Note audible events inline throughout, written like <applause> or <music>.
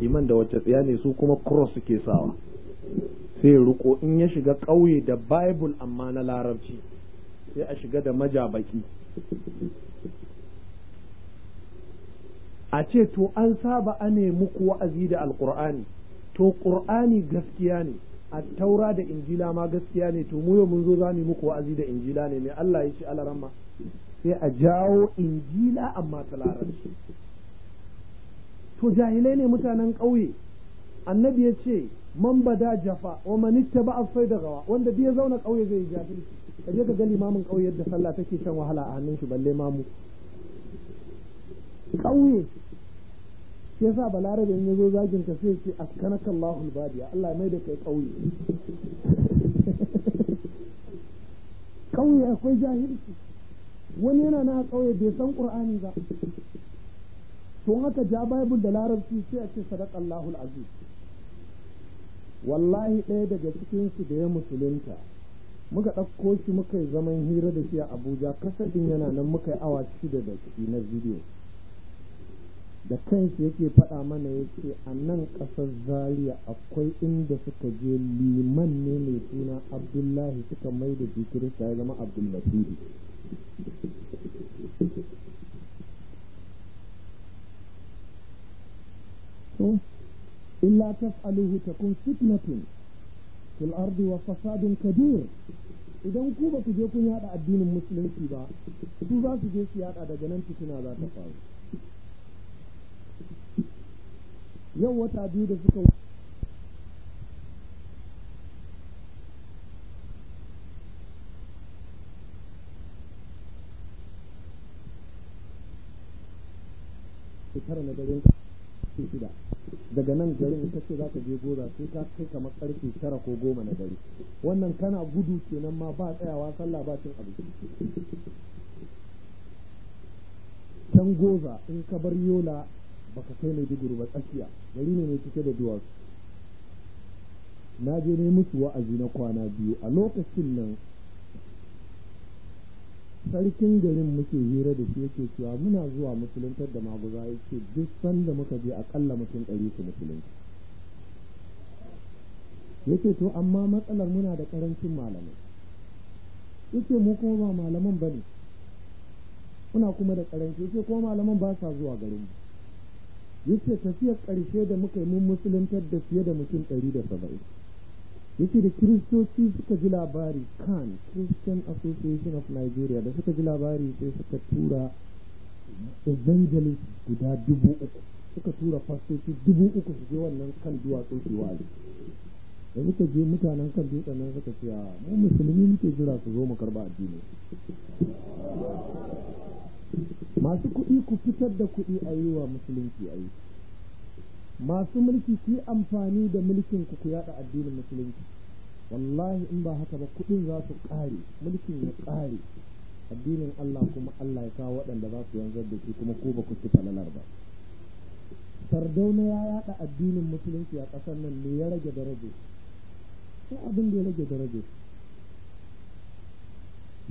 liman da wacce tsaya ne su kuma cross suke sawa sai ruko in ya shiga ƙauye da bible amma na larabci sai a shiga da majabaki a ce to an saba ane muku wa'azi da alkur'ani to ƙur'ani gaskiya ne a taura da injila ma gaskiya ne to mu yau mun zo za mu muku wa'azi da injila ne mai Allah ya ce alaramma sai a jawo injila amma ta larabci to jahilai ne mutanen ƙauye annabi ya ce man da jafa wa ba ittaba sai da gawa wanda biya zauna ƙauye zai yi jahilci ka je ka ga limamin ƙauye da sallah take shan wahala a hannun shi balle mamu ƙauye shi yasa balarabe in yazo zagin ka sai ce askanaka Allahu albadiya Allah mai da kai ƙauye <laughs> ƙauye akwai jahilci wani yana na ƙauye bai san Qur'ani ba tun haka ja bible da larabci sai a ce sadaqallahu aziz wallahi ɗaya daga cikin su da ya musulunta muka ɗauko shi muka yi zaman hira da shi a abuja kasadin yana nan muka yi awa shida da shi na video da kanshi yake faɗa mana ya a nan ƙasar zaria akwai inda suka je liman ne mai suna abdullahi suka mai da shi ya zama Abdullahi. so illa taf'aluhu takun fitnatun fil ardi wa fasadun kabir idan ku ba ku je kun yada addinin musulunci ba su za su je su yada daga nan fitina za ta faru yau wata biyu da suka shekara na garin shida daga nan garin ita ce za ka je goza sai ka kai kamar karfe tara ko goma na dare wannan kana gudu kenan ma ba tsayawa sallah ba cin abinci can goza in ka bar yola baka kai mai diguru ba tsakiya gari ne mai cike da duwatsu na je ne musu wa'azi na kwana biyu a lokacin nan sarkin garin muke hira da shi yake cewa muna zuwa musuluntar da maguza ya ce duk sanda muka je akalla mutum ɗari su musulunci yake to amma matsalar muna da ƙarancin malamai yake mu kuma ba malaman ba ne muna kuma da ƙaranci yake kuma malaman ba sa zuwa garin mu yake tafiyar ƙarshe da muka yi mun musuluntar da fiye da mutum ɗari da saba'in yake da kiristoci suka ji labari kan christian association of nigeria da suka ji labari sai suka tura evangelist guda dubu uku suka tura fastoci dubu uku su je wannan kan duwatsu su wa'azi da suka je mutanen kan dutsen nan suka ce ah, mu musulmi muke jira su zo mu karba addini masu kuɗi ku fitar da kuɗi a yi wa musulunci aiki masu mulki su yi amfani da mulkin ku ku yada addinin musulunci wallahi in ba haka ba kudin za su kare mulkin ya kare addinin Allah kuma Allah ya kawo waɗanda za su yanzar da shi kuma ko ba ku ci falalar ba sardauna ya yada addinin musulunci a ƙasar nan ne ya rage daraje sai abin da ya rage daraje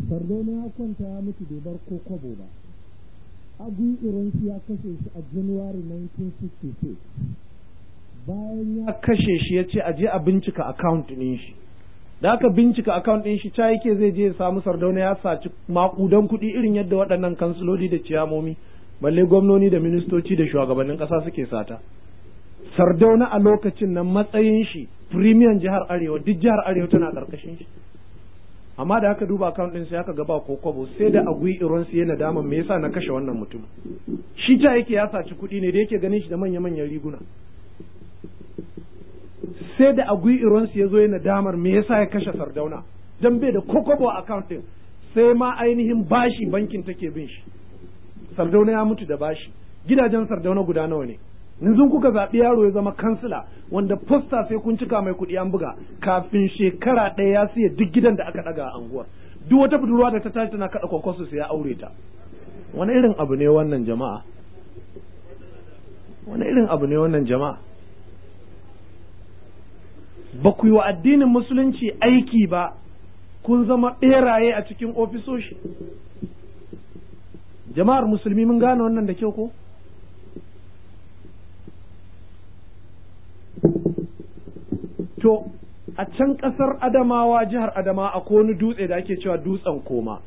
sardauna ya kwanta ya mutu bai bar ko kwabo ba abu iransu ya kashe shi a january 1966 bayan ya kashe shi ya ce aje a bincika account ɗin shi da aka bincika account ɗin shi ta yake zai je ya samu sardauna ya saci makudan kuɗi irin yadda waɗannan kansiloli da ciyamomi balle gwamnoni da ministoci da shugabannin ƙasa suke sata sardauna a lokacin nan matsayin shi firimiyan jihar arewa duk jihar arewa tana ƙarƙashin shi amma da aka duba account din sai aka ga ba ko sai da agui iron sai yana dama me yasa na kashe wannan mutum shi ta yake ya saci kuɗi ne da yake ganin shi da manya manyan riguna sai da agui iron sai yazo yana damar me yasa ya kashe sardauna dan bai da kokobo account din sai ma ainihin bashi bankin take bin shi sardauna ya mutu da bashi gidajen sardauna guda nawa ne yanzu kuka zaɓi yaro ya zama kansila wanda fosta sai kun cika mai kuɗi an buga kafin shekara ɗaya ya siya duk gidan da aka ɗaga a anguwar duk wata budurwa da ta tashi tana kaɗa kwakwasu sai ya aure ta wani irin abu ne wannan jama'a wani irin abu ne wannan jama'a ba ku yi wa addinin musulunci aiki ba kun zama ɓeraye a cikin ofisoshi jama'ar musulmi mun gane wannan da kyau ko to a can ƙasar adamawa jihar adama a wani dutse da ake cewa dutsen koma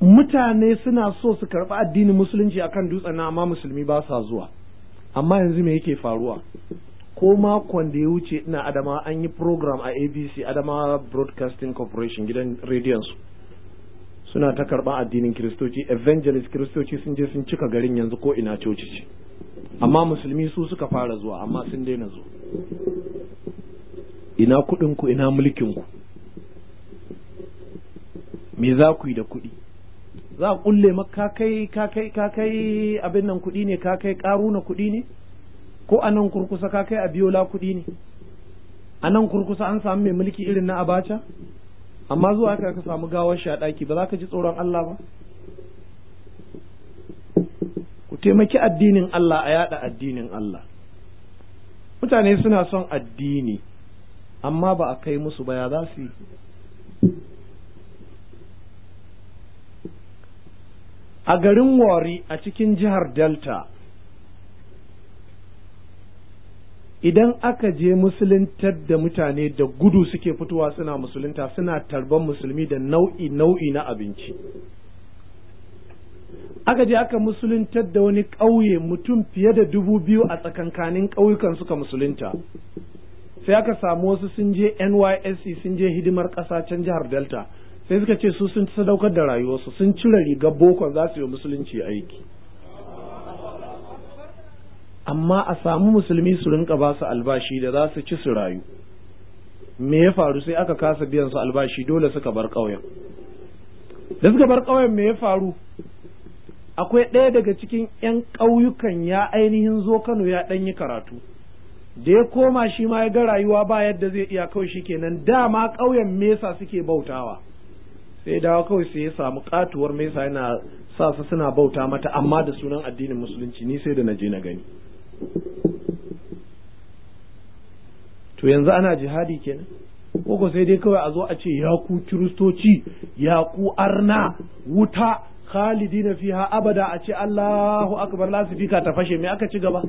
mutane suna so su karɓi addinin musulunci akan dutsen na amma musulmi ba sa zuwa amma yanzu me yake faruwa ko makon da ya wuce ina adama an yi program a abc adama broadcasting corporation gidan rediyon su suna ta karɓar addinin kiristoci evangelist kiristoci sun je sun cika garin yanzu ko ina coci ce amma musulmi su suka fara zuwa amma sun daina zuwa ina kuɗinku ina mulkinku me za ku yi da kuɗi za a kulle maka kai kakai kakai abin nan kuɗi ne kakai karu na kuɗi ne ko a nan kurkusa kakai a biyola kuɗi ne a kurkusa an samu mai mulki irin na abacha amma zuwa aka ka samu gawar shi a ɗaki ba za ka ji tsoron Allah ba taimaki addinin Allah a yada addinin Allah mutane suna son addini amma ba a kai musu ba ya za su yi a garin wari a cikin jihar delta idan aka je musuluntar da mutane da gudu suke fitowa suna musulunta suna tarban musulmi da nau'i nau'i na abinci aka je aka musuluntar da wani ƙauye mutum fiye da dubu biyu a tsakankanin ƙauyukan suka musulunta sai aka samu wasu sun je nysc sun je hidimar ƙasa can jihar delta sai suka ce su sun sadaukar da rayuwarsu sun cire riga bokon za su yi musulunci aiki amma a samu musulmi su rinka ba su albashi da za su ci su rayu me ya faru sai aka kasa biyan su albashi dole suka bar ƙauyen da suka bar ƙauyen me ya faru akwai ɗaya daga cikin 'yan ƙauyukan ya ainihin zo Kano ya ɗan yi karatu da ya koma shi ma ya ga rayuwa ba yadda zai iya kawai shi kenan dama ƙauyen mesa suke bautawa sai dawa kawai sai ya samu katuwar mesa yana sa su suna bauta mata amma da sunan addinin musulunci ni sai da na je na gani to yanzu ana jihadi kenan koko sai dai kawai a zo a ce ya ku kiristoci ya ku arna wuta khalidina fiha abada a ce Allahu akbar lasifika ta fashe me aka ci gaba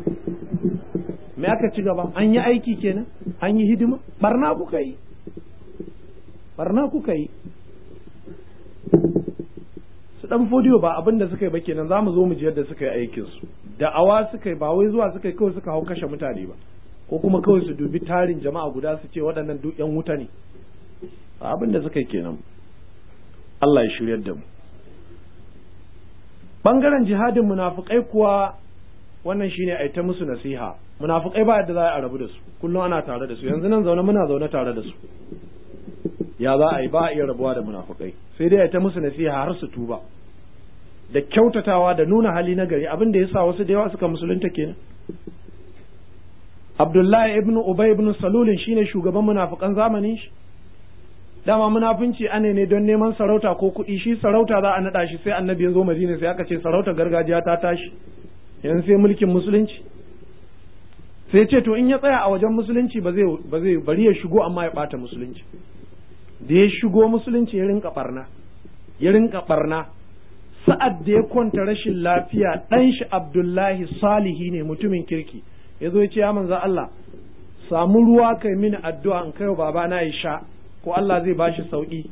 me aka ci gaba an yi aiki kenan an yi hidima barna kuka yi barna kuka yi su dan fodiyo ba abin da suka yi ba kenan za mu zo mu ji yadda suka yi aikin su da'awa suka yi ba wai zuwa suka yi kawai suka hau kashe mutane ba ko kuma kawai su dubi tarin jama'a guda su ce waɗannan duk yan wuta ne abin da suka yi kenan Allah ya shiryar da mu bangaren jihadin munafukai kuwa wannan shine a ta musu nasiha munafukai ba yadda za a rabu da su kullum ana tare da su yanzu nan zaune muna zaune tare da su ya za a yi ba a iya rabuwa da munafukai sai dai a ta musu nasiha har su tuba da kyautatawa da nuna hali na gari abin da yasa wasu da yawa suka musulunta kenan Abdullahi ibn Ubay ibn Salulin shine shugaban munafukan zamanin shi dama munafunci ane ne don neman sarauta ko kuɗi shi sarauta za a naɗa shi sai annabi ya zo madina sai aka ce sarauta gargajiya ta tashi yanzu sai mulkin musulunci sai ce to in ya tsaya a wajen musulunci ba zai bari ya shigo amma ya ɓata musulunci da ya shigo musulunci ya rinka barna ya rinka barna sa'ad da ya kwanta rashin lafiya ɗan shi abdullahi salihi ne mutumin kirki ya zo ya ce ya manzo Allah samu ruwa kai mini addu'a in kai babana ya sha ko Allah zai bashi sauki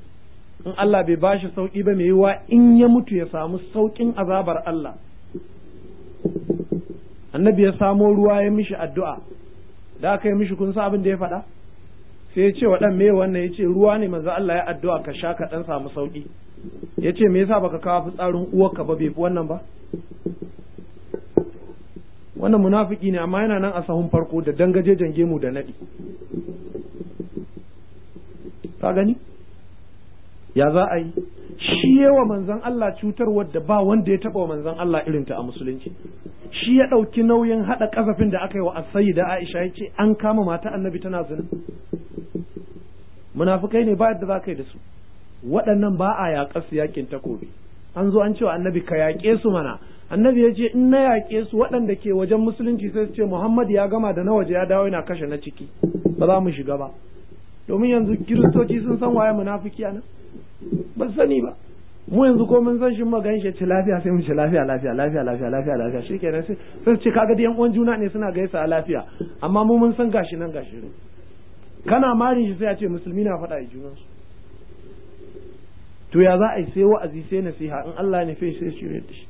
in Allah bai bashi sauki ba mai yiwa in ya mutu ya samu saukin azabar Allah annabi ya samo ruwa ya mishi addu'a da aka yi mishi kun sa abin da ya faɗa sai ya ce wa ɗan me wannan ya ce ruwa ne manzo Allah ya addu'a ka sha ka ɗan samu sauƙi ya ce me yasa baka kawo fitsarin uwarka ba bai fi wannan ba wannan munafiki ne amma yana nan a sahun farko da dangaje jange mu da naɗi ka gani ya za a yi shi yawa manzan Allah cutar wadda ba wanda ya taba manzan Allah irinta a musulunci shi ya ɗauki nauyin haɗa ƙazafin da aka yi wa asayi da Aisha ya ce an kama mata annabi tana zina munafukai ne ba yadda za ka yi da su waɗannan ba a yaƙa su yaƙin takobi an zo an cewa annabi ka yaƙe su mana annabi ya ce in na yaƙe su waɗanda ke wajen musulunci sai su ce Muhammad ya gama da na waje ya dawo yana kashe na ciki ba za mu shiga ba domin yanzu kiristoci sun san waye munafiki a nan ba sani ba mu yanzu ko mun san shi mu ganshi shi ci lafiya sai mu ci lafiya lafiya lafiya lafiya lafiya lafiya shikenan sai sai ce kaga dai uwan juna ne suna gaisa a lafiya amma mu mun san gashi nan gashi ne kana mari shi sai a ce musulmi na faɗa a junan su to ya za a yi sai wa'azi sai nasiha in Allah ya nufe sai ne da shi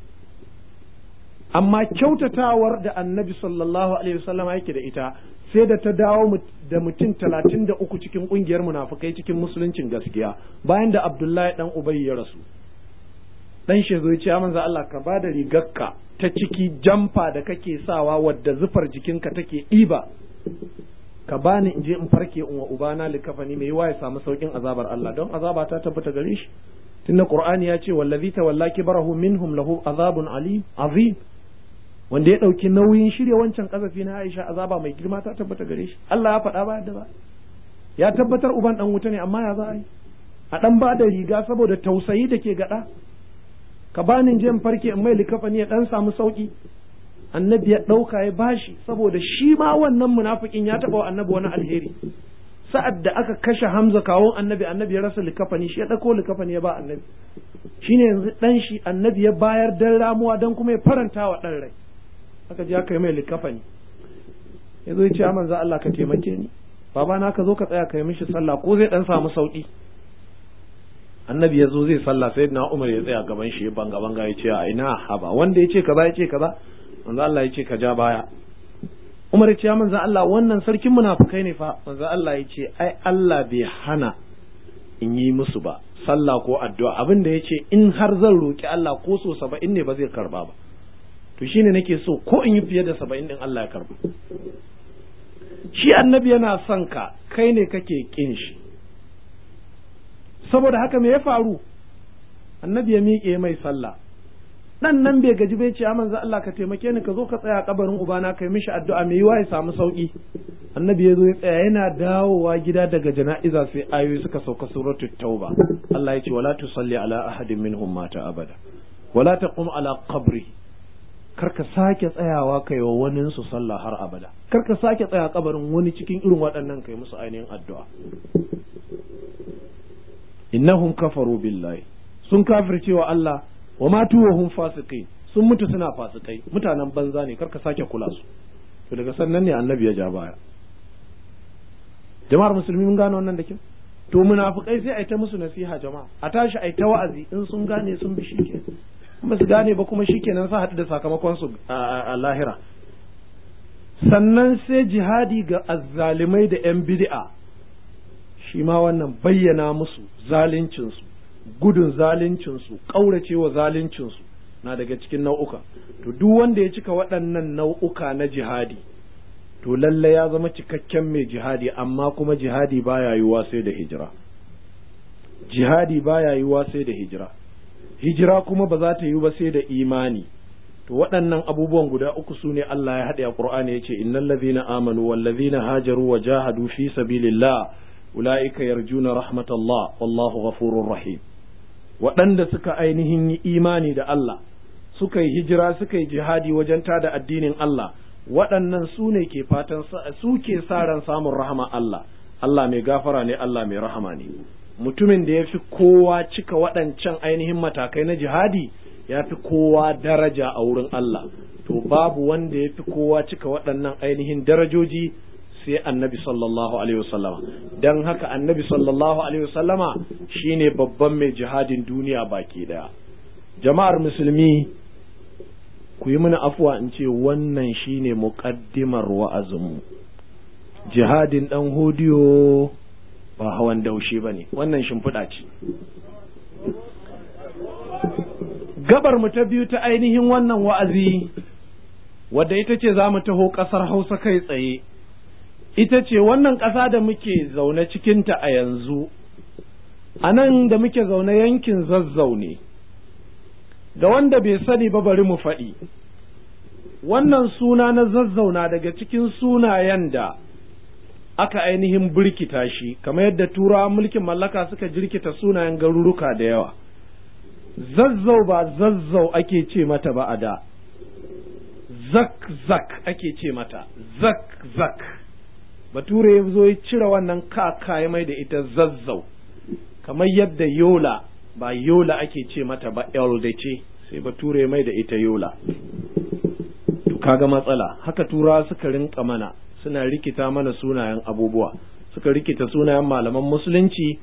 amma kyautatawar da annabi sallallahu alaihi wasallam yake da ita sai da ta dawo da mutum talatin da uku cikin ƙungiyar munafukai cikin musuluncin gaskiya bayan da abdullahi dan ubayi ya rasu dan shi zo ya manzo Allah ka bada rigarka ta ciki jamfa da kake sawa wadda zufar jikinka take ɗiba ka bani in je in farke in wa ubana likafani mai yawa ya samu saukin azabar Allah don azaba ta tabbata gare shi tunda qur'ani ya ce wallazi tawalla barahu minhum lahu azabun ali azim wanda ya ɗauki nauyin shirya wancan ƙazafi na Aisha azaba mai girma ta tabbata gare shi Allah ya faɗa ba da ba ya tabbatar uban ɗan wuta ne amma ya za a yi a dan ba da riga saboda tausayi da ke gaɗa ka bani je in farke in mai likafani ya dan samu sauki annabi ya ɗauka ya bashi saboda shi ma wannan munafikin ya taɓa wa annabi wani alheri sa'ad da aka kashe hamza kawon annabi annabi ya rasa likafani shi ya ɗauko likafani ya ba annabi shine yanzu ɗan shi annabi ya bayar dan ramuwa dan kuma ya faranta wa ɗan rai aka je aka yi mai likafani ya zo ya ce aman za Allah ka taimake ni baba na ka zo ka tsaya ka yi mishi sallah ko zai dan samu sauki annabi ya zo zai sallah sai na umar ya tsaya gaban shi banga banga ya ce a ina haba wanda ya ce kaza ya ce kaza manzo Allah ya ce ka ja baya umar ya ce manzo Allah wannan sarkin munafukai ne fa manzo Allah ya ce ai Allah bai hana in yi musu ba sallah ko addu'a abin da ya ce in har zan roki Allah ko so saba'in ne ba zai karba ba to shi shine nake so ko in yi fiye da saba'in din Allah ya karba shi annabi yana son ka kai ne kake kin shi saboda haka me ya faru annabi ya miƙe mai sallah dan nan bai gaji bai ce a manzo Allah ka taimake ni ka zo ka tsaya kabarin ubana kai mishi addu'a me yiwa ya samu sauki annabi ya zo ya tsaya yana dawowa gida daga jana'iza sai ayoyi suka sauka suratul tauba Allah ya ce wala tusalli ala ahadin minhum mata abada wala taqum ala qabri karka sake tsayawa kai wa wani su sallah har abada karka sake tsaya kabarin wani cikin irin waɗannan kai musu ainihin addu'a innahum kafaru billahi sun kafirce wa Allah wa matu wa hum sun mutu suna fasikai mutanen banza ne karka sake kula su to daga sannan ne annabi ya ja baya jama'ar musulmi mun gane wannan da kyau to munafikai sai a ta musu nasiha jama'a a tashi a ta wa'azi in sun gane sun bi shi ba su gane ba kuma shikenan sa haɗu da sakamakon su a lahira sannan sai jihadi ga azzalimai da 'yan bid'a shi ma wannan bayyana musu zaluncinsu gudun zaluncinsu ƙauracewa zaluncinsu na daga cikin nau'uka to duk wanda ya cika waɗannan nau'uka na jihadi to lalle ya zama cikakken mai jihadi amma kuma jihadi baya yiwuwa sai da hijira jihadi baya yiwuwa sai da hijira hijira kuma ba za ta yi ba sai da imani to waɗannan abubuwan guda uku su ne Allah ya haɗe a Qur'ani ya ce innal ladhina amanu wal ladhina hajaru wa jahadu fi sabilillah ulaika yarjuna rahmatallah wallahu ghafurur rahim waɗanda suka ainihin yi imani da Allah suka yi hijira suka yi jihadi wajen tada addinin Allah waɗannan su ne ke fatan su ke sa ran samun rahama Allah Allah mai gafara ne Allah mai rahama ne mutumin da ya fi kowa cika waɗancan ainihin matakai na jihadi ya fi kowa daraja a wurin Allah to babu wanda ya fi kowa cika waɗannan ainihin darajoji sai annabi sallallahu alaihi wasallama don haka annabi sallallahu alaihi wasallama shine babban mai jihadin duniya baki daya jama'ar musulmi ku yi mini afuwa in ce wannan shine muƙaddimar mu. jihadin ɗan hodiyo ba hawan daushe ba ne wannan shimfiɗa ce gabar mu ta biyu ta ainihin wannan wa'azi wadda ita ce za mu taho ƙasar hausa kai tsaye ita ce wannan ƙasa da muke zaune cikinta a yanzu a nan da muke zaune yankin zazzau ne. Da wanda bai sani ba bari mu faɗi wannan suna na zazzauna daga cikin sunayen da aka ainihin birkita shi kamar yadda turawa mulkin mallaka suka jirkita sunayen garuruka da yawa zazzau ba zazzau ake ce mata ba a da zak zak ake ce mata zak zak bature ya zo ya cire wannan kaka ya mai da ita zazzau kamar yadda yola ba yola ake ce mata ba elde ce sai bature ya mai da ita yola kaga matsala haka turawa suka rinka mana suna rikita mana sunayen abubuwa suka rikita sunayen malaman musulunci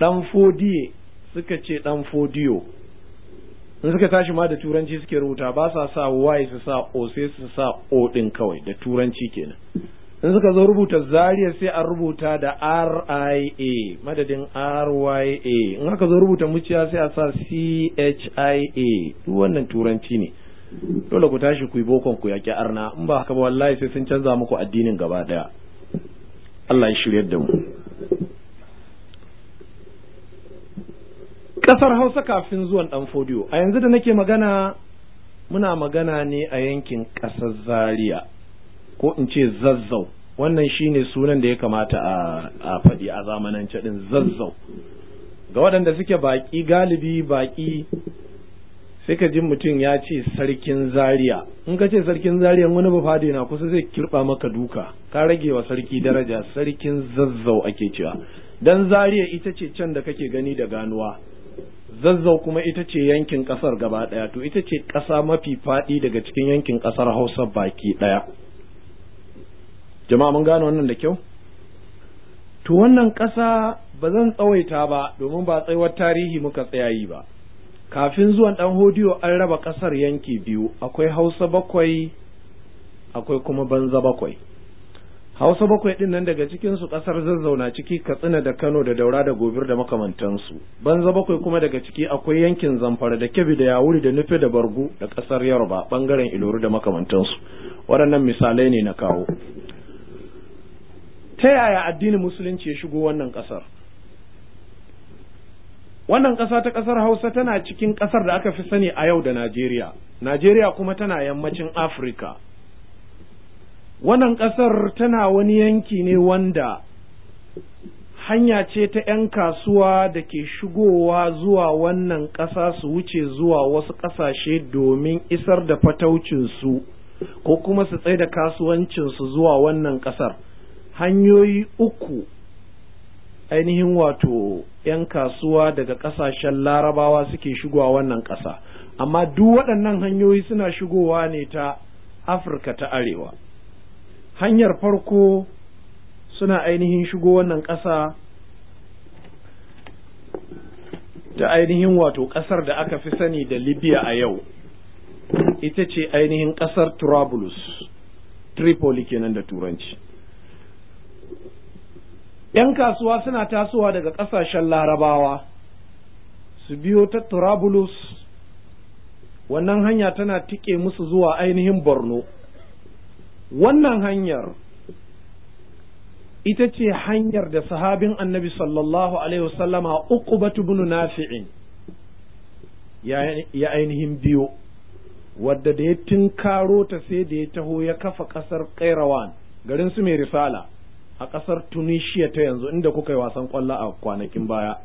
dan fodiye suka ce dan fodiyo in suka tashi ma da turanci suke rubuta ba sa sa y su sa o sai su sa o din kawai da turanci kenan in suka zo rubuta zariya sai an rubuta da ria madadin rya in aka zo rubuta muciya sai a sa chia duk wannan turanci ne dole ku tashi ku yi bokon ku yaƙi arna in ba haka ba wallahi sai sun canza muku addinin gaba ɗaya Allah ya shiryar da mu ƙasar Hausa kafin zuwan ɗan fodiyo a yanzu da nake magana muna magana ne a yankin ƙasar Zaria ko in ce zazzau wannan shine sunan da ya kamata a a faɗi a zamanance ɗin zazzau ga waɗanda suke baƙi galibi baƙi sai ka ji mutum ya ce sarkin zaria in ka ce sarkin Zariya wani ba fadi na kusa zai kirba maka duka ka rage wa sarki daraja sarkin zazzau ake cewa dan Zariya ita ce can da kake gani da ganuwa zazzau kuma ita ce yankin kasar gaba daya to ita ce kasa mafi fadi daga cikin yankin kasar hausa baki daya jama'a mun gano wannan da kyau to wannan kasa ba zan tsawaita ba domin ba tsayuwar tarihi muka tsaya yi ba kafin zuwan ɗan hodiyo an raba ƙasar yanki biyu akwai hausa bakwai akwai kuma banza bakwai hausa bakwai ɗin nan daga cikinsu kasar zazzauna ciki katsina da kano da daura da gobir da makamantansu banza bakwai kuma daga ciki akwai yankin zamfara da kebbi da yawuri da nufe da bargu da kasar yaroba bangaren Iloru da makamantansu waɗannan misalai ne na kawo ta yaya addinin musulunci ya shigo wannan ƙasar wannan ƙasa ta ƙasar hausa tana cikin ƙasar da aka fi sani a yau da najeriya najeriya kuma tana yammacin afirka wannan ƙasar tana wani yanki ne wanda hanya ce ta 'yan kasuwa da ke shigowa zuwa wannan ƙasa su wuce zuwa wasu ƙasashe domin isar da fataucinsu ko kuma su tsaye da kasuwancinsu zuwa wannan ƙasar hanyoyi uku ainihin wato 'yan kasuwa daga ƙasashen larabawa suke shigowa wannan ƙasa amma duk waɗannan hanyoyi suna shigowa ne ta afirka ta arewa hanyar farko suna ainihin shigo wannan ƙasa ta ainihin wato ƙasar da aka fi sani da libya a yau ita ce ainihin ƙasar Trablus, Tripoli kenan da Turanci. 'yan kasuwa suna tasowa daga ƙasashen larabawa su biyo ta turabulus wannan hanya tana tike musu zuwa ainihin borno wannan hanyar ita ce hanyar da sahabin annabi sallallahu alaihi wasallama uqubatu bin nafi'in ya ainihin biyo wadda da ya tinkaro ta sai da ya taho ya kafa ƙasar kairawan garin su mai risala a ƙasar tunisia ta yanzu inda kuka yi wasan ƙwallo a kwanakin baya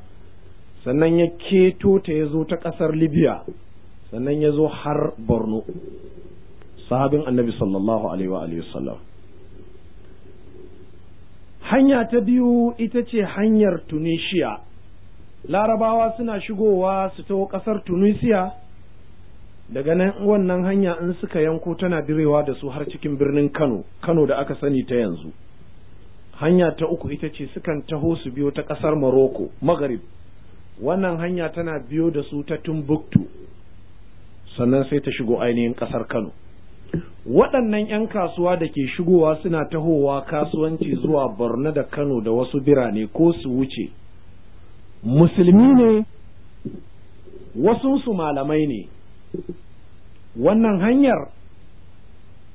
sannan ya keto ta ya zo ta ƙasar libya sannan ya zo har borno sahabin annabi sallallahu alaihi wa sallam hanya ta biyu ita ce hanyar tunisia larabawa suna shigowa su taho ƙasar tunisia daga nan wannan hanya in suka yanko tana direwa da su har cikin birnin kano kano da aka sani ta yanzu hanya ta uku ita ce sukan taho su biyo ta ƙasar Maroko, Maghrib wannan hanya tana biyo da su ta Timbuktu sannan sai ta shigo ainihin ƙasar Kano waɗannan 'yan kasuwa da ke shigowa suna tahowa kasuwanci zuwa Borno da Kano da wasu birane ko su wuce musulmi ne wasunsu malamai ne wannan hanyar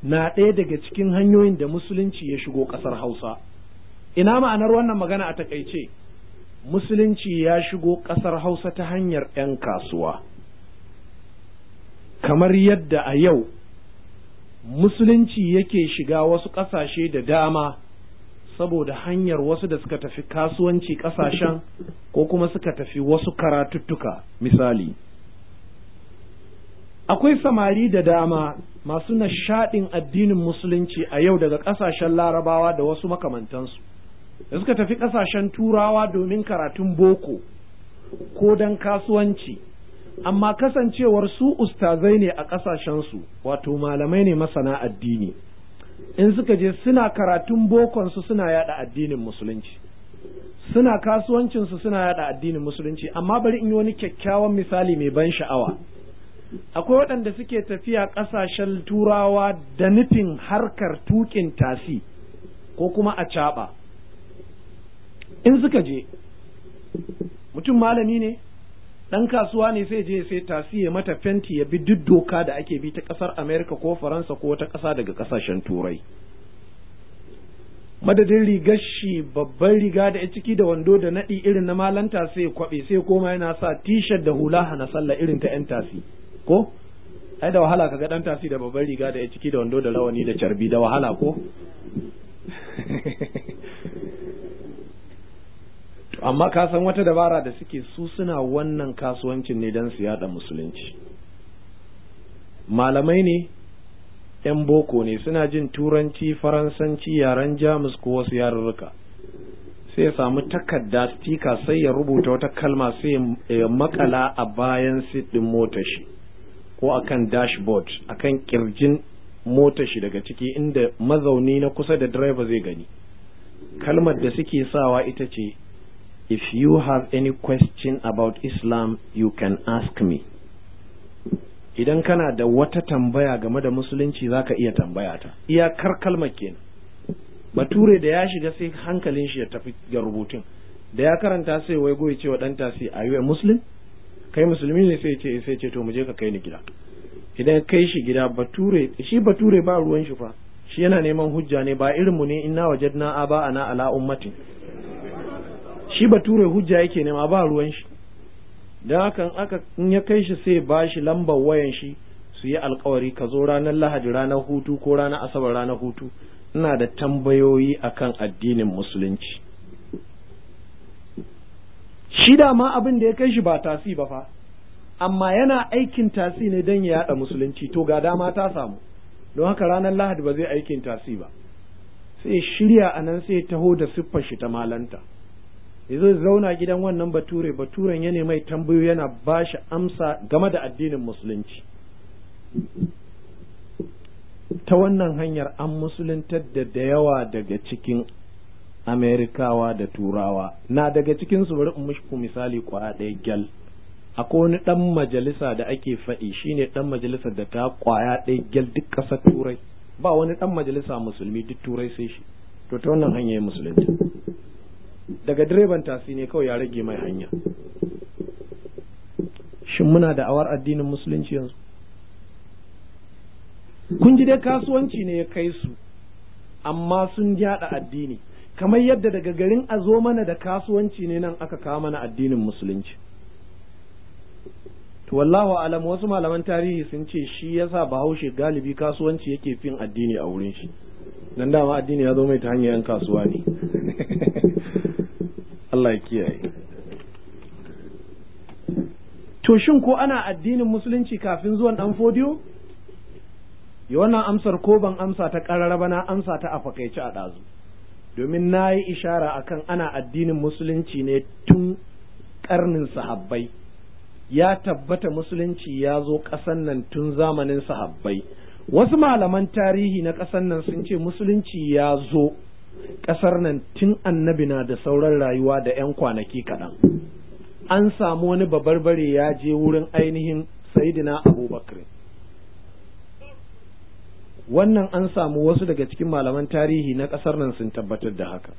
na ɗaya daga cikin hanyoyin da musulunci ya shigo ƙasar Hausa ina ma'anar wannan magana a takaice musulunci ya shigo ƙasar hausa ta hanyar 'yan kasuwa kamar yadda a yau musulunci yake shiga wasu ƙasashe da dama saboda hanyar wasu da suka tafi kasuwanci ƙasashen ko kuma suka tafi wasu karatuttuka misali akwai samari da dama masu nashaɗin addinin musulunci a yau daga ƙasashen larabawa da wasu makamantansu da suka tafi ƙasashen turawa domin karatun boko ko don kasuwanci amma kasancewar su ustazai ne a ƙasashensu wato malamai ne masana addini in suka je suna karatun bokonsu suna yada addinin musulunci suna kasuwancinsu suna yada addinin musulunci amma bari in yi wani kyakkyawan misali mai ban sha'awa akwai waɗanda suke tafiya ƙasashen turawa da nufin harkar tuƙin tasi ko kuma a caɓa in suka je mutum malami ne ɗan kasuwa ne sai je sai tasi ya mata fenti ya bi duk doka da ake bi ta ƙasar amerika ko faransa ko wata ƙasa daga ƙasashen turai madadin rigar shi babban riga da ya ciki da wando da naɗi irin na malanta sai ya kwaɓe sai koma yana sa t da hula hana sallah irin ta 'yan tasi ko ai da wahala kaga ɗan tasi da babban riga da ya ciki da wando da rawani da carbi da wahala ko <laughs> amma ka san wata dabara da suke su suna wannan kasuwancin ne don su yada musulunci malamai ne yan boko ne suna jin turanci faransanci yaren jamus ko wasu yarurruka sai ya samu takarda stika sai ya rubuta wata kalma sai ya makala a bayan sit din motar shi ko akan dashboard akan kirjin motar shi daga ciki inda mazauni na kusa da direba zai gani kalmar da suke sawa ita ce if you have any question about Islam, you can ask me. Idan kana da wata tambaya game da musulunci za ka iya tambaya ta, iyakar kalmar kenan. Bature da ya shiga sai hankalin shi ya tafi ga rubutun, da ya karanta sai wai goyi cewa ɗan tasi a yi muslim? Kai musulmi ne sai ce sai ce to mu je ka kai ni gida. Idan kai shi gida bature, shi bature ba ruwan shi fa, shi yana neman hujja ne ba irinmu ne inna wajadna aba ana ala ummatin. shi bature hujja yake nema ba ruwan shi don haka aka in ya kai shi sai ba shi lambar wayan shi su yi alkawari ka zo ranar lahadi ranar hutu ko ranar asabar ranar hutu ina da tambayoyi akan addinin musulunci shi dama abin da ya kai shi ba tasi ba fa amma yana aikin tasi ne don ya yada musulunci to ga dama ta samu don haka ranar lahadi ba zai aikin tasi ba sai shirya a nan sai taho da siffar shi ta malanta yanzu zauna gidan wannan bature baturen ya mai tambayo yana ba shi amsa game da addinin musulunci ta wannan hanyar an musuluntar da da yawa daga cikin amerikawa da turawa na daga cikin su bari mushku misali kwaya ɗaya gyal akwai wani ɗan majalisa da ake faɗi shine ɗan majalisa da ta kwaya ɗaya gyal duk ƙasar turai ba wani ɗan majalisa musulmi duk turai sai shi to ta wannan hanyar musulunci daga direban tasi ne kawai ya rage mai hanya shin muna da awar addinin musulunci yanzu kun ji dai kasuwanci ne ya kai su amma sun yaɗa addini kamar yadda daga garin a zo mana da kasuwanci ne nan aka kawo mana addinin musulunci wallahu alam wasu malaman tarihi sun ce shi yasa bahaushe galibi kasuwanci yake fin addini a wurin shi dan dama addini ya zo mai ta hanyar yan kasuwa ne <laughs> Allah ya kiyaye to shin ko ana addinin musulunci kafin zuwan dan fodiyo ya wannan amsar ko ban amsa ta karara ba na amsa ta a fakaice a ɗazu domin na yi ishara akan ana addinin musulunci ne tun karnin sahabbai ya tabbata musulunci ya zo ƙasan nan tun zamanin sahabbai wasu malaman tarihi na ƙasan nan sun ce musulunci ya zo ƙasar nan tun annabi na da sauran rayuwa da 'yan kwanaki kaɗan an samu wani babarbare ya je wurin ainihin saidina abubakar wannan an samu wasu daga cikin malaman tarihi na ƙasar nan sun tabbatar da haka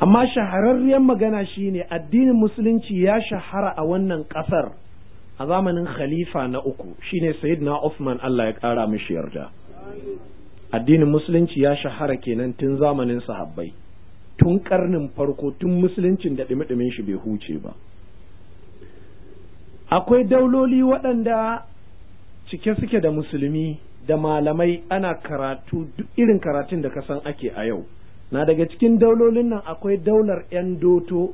amma shahararriyar magana shi ne, addinin musulunci ya shahara a wannan ƙasar a zamanin khalifa na uku shine sayyidina Uthman Allah ya ƙara mishi yarda addinin musulunci ya shahara kenan tun zamanin sahabbai tun karnin farko tun musuluncin da ɗumi shi bai huce ba akwai dauloli waɗanda cike suke da musulmi da malamai ana karatu duk irin karatun da kasan ake a yau na daga cikin daulolin nan akwai daular 'yan doto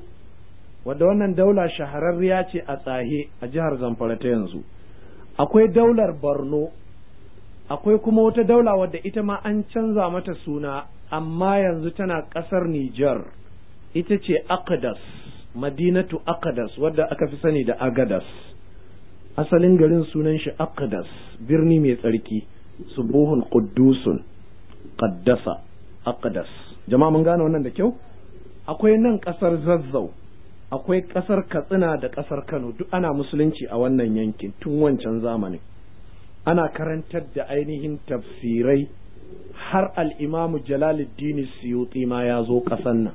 wadda wannan daular shahararriya ce a tsahe a jihar zamfara ta yanzu akwai daular borno akwai kuma wata daula wadda ita ma an canza mata suna amma yanzu tana ƙasar Nijar ita ce Akadas Madinatu Akadas wadda aka fi sani da Agadas asalin garin sunan shi Akadas birni mai tsarki subuhun quddusun qaddasa Akadas jama'a mun gane wannan da kyau akwai nan ƙasar Zazzau akwai ƙasar Katsina da ƙasar Kano duk ana musulunci a wannan yankin tun wancan zamanin ana karantar da ainihin tafsirai har al'imamu jalaluddin siyuti ma ya zo ƙasan nan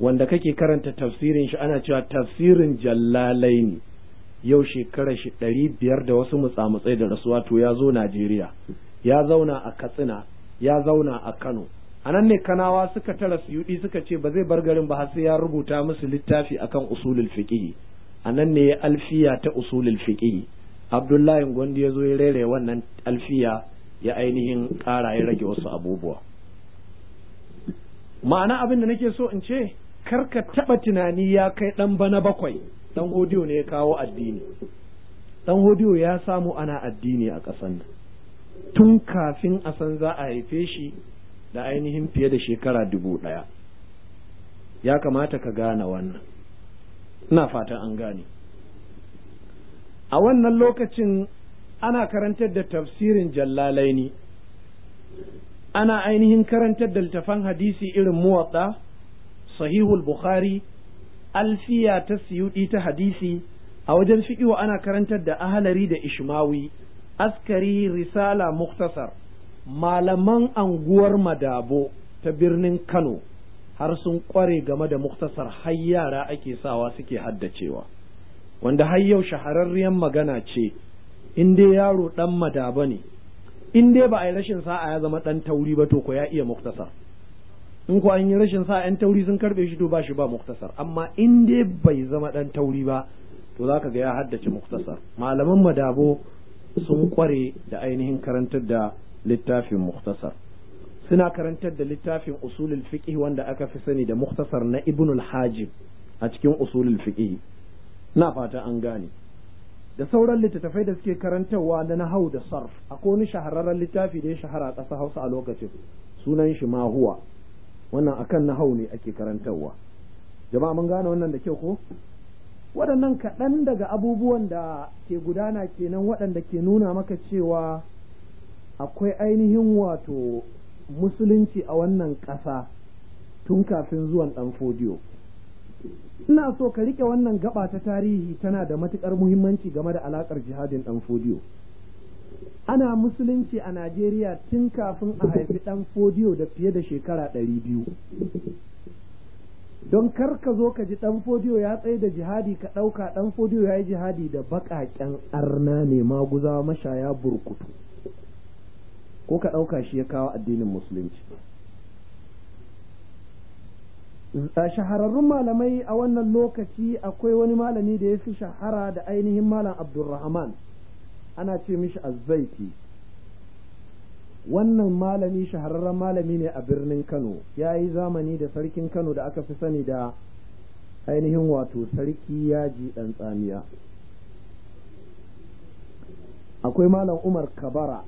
wanda kake karanta tafsirin shi ana cewa tafsirin jallalai ne yau shekara shi ɗari biyar da wasu mutsamutsai da rasuwa to ya zo najeriya ya zauna a katsina ya zauna a kano a nan ne kanawa suka tara siyuti suka ce ba zai bar garin ba har sai ya rubuta musu littafi akan usulul fiqh a nan ne ya alfiya ta usulul fiqh abdullahi gondi ya zo ya rere wannan alfiya ya ainihin ƙara ya rage wasu abubuwa ma'ana abin da nake so in ce karka taɓa tunani ya kai ɗan bana bakwai ɗan hodiyo ne ya kawo addini ɗan hodiyo ya samu ana addini a ƙasan nan tun kafin a san za a haife shi da ainihin fiye da shekara dubu ɗaya ya kamata ka gane wannan ina fatan an gane a wannan lokacin ana karantar da tafsirin jallalaini ana ainihin karantar da littafan hadisi irin muwatsa sahihul bukhari alfiya ta siyudi ta hadisi a wajen fiƙiwa ana karantar da ahalari da ishmawi askari risala muktasar malaman anguwar madabo ta birnin kano har sun ƙware game da muktasar har yara ake sawa suke haddacewa. wanda har yau shahararriyar magana ce in dai yaro dan madaba ne in dai ba a yi rashin sa'a ya zama dan tauri ba to ko ya iya muktasar in ko an yi rashin sa'a yan tauri sun karbe shi to ba shi ba muktasar amma in dai bai zama dan tauri ba to zaka ga ya haddace muktasar malaman madabo sun kware da ainihin karantar da littafin muktasar suna karantar da littafin usulul fiqh wanda aka fi sani da muktasar na ibnul hajib a cikin usulul fiqh na fata an gane da sauran littattafai da suke karantarwa na nahau da sarf akwai wani shahararren littafi da ya shahara a ƙasa hausa a lokacin sunan shi mahuwa wannan akan nahau ne ake karantarwa jama'a mun gane wannan da kyau ko waɗannan kaɗan daga abubuwan da ke gudana kenan waɗanda ke nuna maka cewa akwai ainihin wato musulunci a wannan ƙasa tun kafin zuwan ɗan fodiyo ina so ka riƙe wannan gaba ta tarihi tana da matukar muhimmanci game da alakar jihadin ɗan fodiyo ana musulunci a Najeriya tun kafin a haifi ɗan fodiyo da fiye da shekara ɗari biyu don kar ka zo ka ji dan fodiyo ya tsaye da jihadi ka ɗauka ɗan fodiyo ya yi jihadi da baƙaƙen arna ne maguza mashaya burkutu ko ka ɗauka shi ya kawo addinin musulunci shahararrun malamai a wannan lokaci akwai wani malami da ya fi shahara da ainihin malam abdulrahman ana ce mishi azzaiti wannan malami shahararren malami ne a birnin kano ya yi zamani da sarkin kano da aka fi sani da ainihin wato sarki yaji ɗan tsamiya akwai malam umar kabara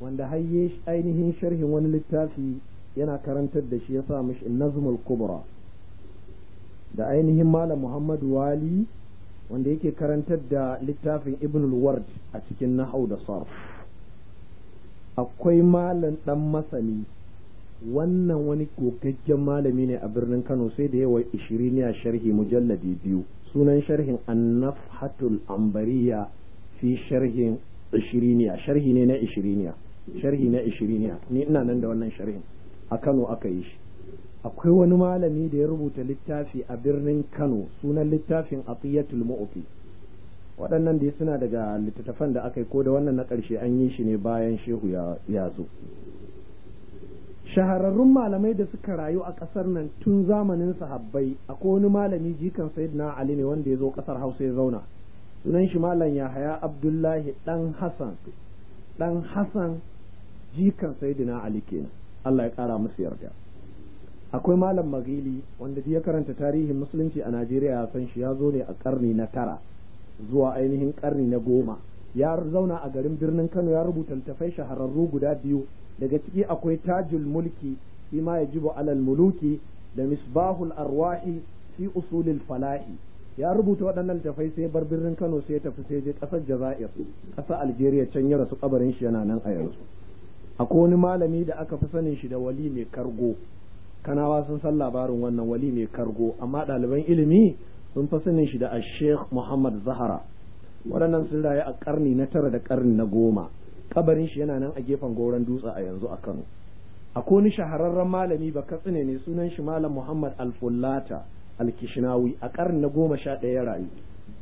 wanda hayye ainihin sharhin wani littafi yana karantar da shi ya sa mishi nazmul kubra da ainihin malam muhammadu wali wanda yake karantar da littafin ibnul ward a cikin nahau da sarf akwai malam dan masani wannan wani gogaggen malami ne a birnin kano sai da yawa ishiriniya sharhi mujalladi biyu sunan sharhin annafhatul ambariya fi sharhin ishiriniya sharhi ne na ishiriniya sharhi na ishiriniya ni ina nan da wannan sharhin a Kano aka yi shi akwai wani malami da ya rubuta littafi a birnin Kano sunan littafin Aqiyatul Mu'fi waɗannan dai suna daga littattafan da aka yi ko da wannan na ƙarshe an yi shi ne bayan shehu ya zo shahararrun malamai da suka rayu a ƙasar nan tun zamanin sahabbai akwai wani malami jikan sayyidina ali ne wanda ya zo ƙasar hausa ya zauna sunan shi malam yahaya abdullahi dan hassan dan hassan jikan sayyidina ali kenan Allah ya kara musu yarda akwai malam magili wanda ya karanta tarihin musulunci a Najeriya ya san shi ya zo ne a karni na tara zuwa ainihin karni na goma ya zauna a garin birnin Kano ya rubuta littafai shahararru guda biyu daga ciki akwai tajul mulki fi ma yajibu alal muluki da misbahul arwahi fi usulil fala'i ya rubuta waɗannan littafai sai bar birnin Kano sai ya tafi sai je ƙasar Jazair ƙasar Algeria can ya rasu kabarin shi yana nan a yanzu akwai wani malami da aka fi sanin shi da wali mai kargo kanawa sun san labarin wannan wali mai kargo amma ɗaliban ilimi sun fi sanin shi da sheikh muhammad zahara waɗannan sun rayu a ƙarni na tara da ƙarni na goma kabarin shi yana nan a gefen goron dutse a yanzu a kano akwai wani shahararren malami ba tsine ne sunan shi malam muhammad alfullata alkishinawi a ƙarni na goma sha ɗaya ya rayu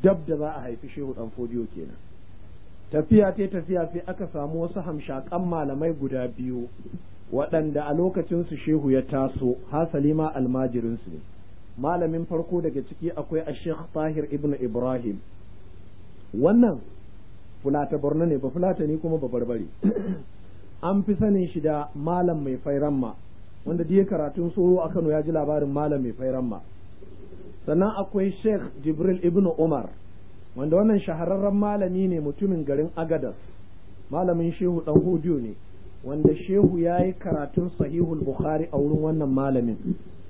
dab da za a haifi shehu ɗan fodiyo kenan tafiya ta tafiya sai aka samu wasu hamshakan malamai guda biyu waɗanda a lokacinsu shehu ya taso hasali ma almajirinsu ne malamin farko daga ciki akwai a sheikh tahir ibn ibrahim wannan fulata borno ne ba fulata ne kuma ba barbare <clears throat> an fi sanin shi da malam mai fairamma wanda da karatun tsoro a kano ya ji labarin malam mai fairamma sannan akwai sheikh jibril ibn umar wanda wannan shahararren malami ne mutumin garin agadas malamin shehu dan hudiyo ne wanda shehu ya yi karatun sahihul bukhari a wurin wannan malamin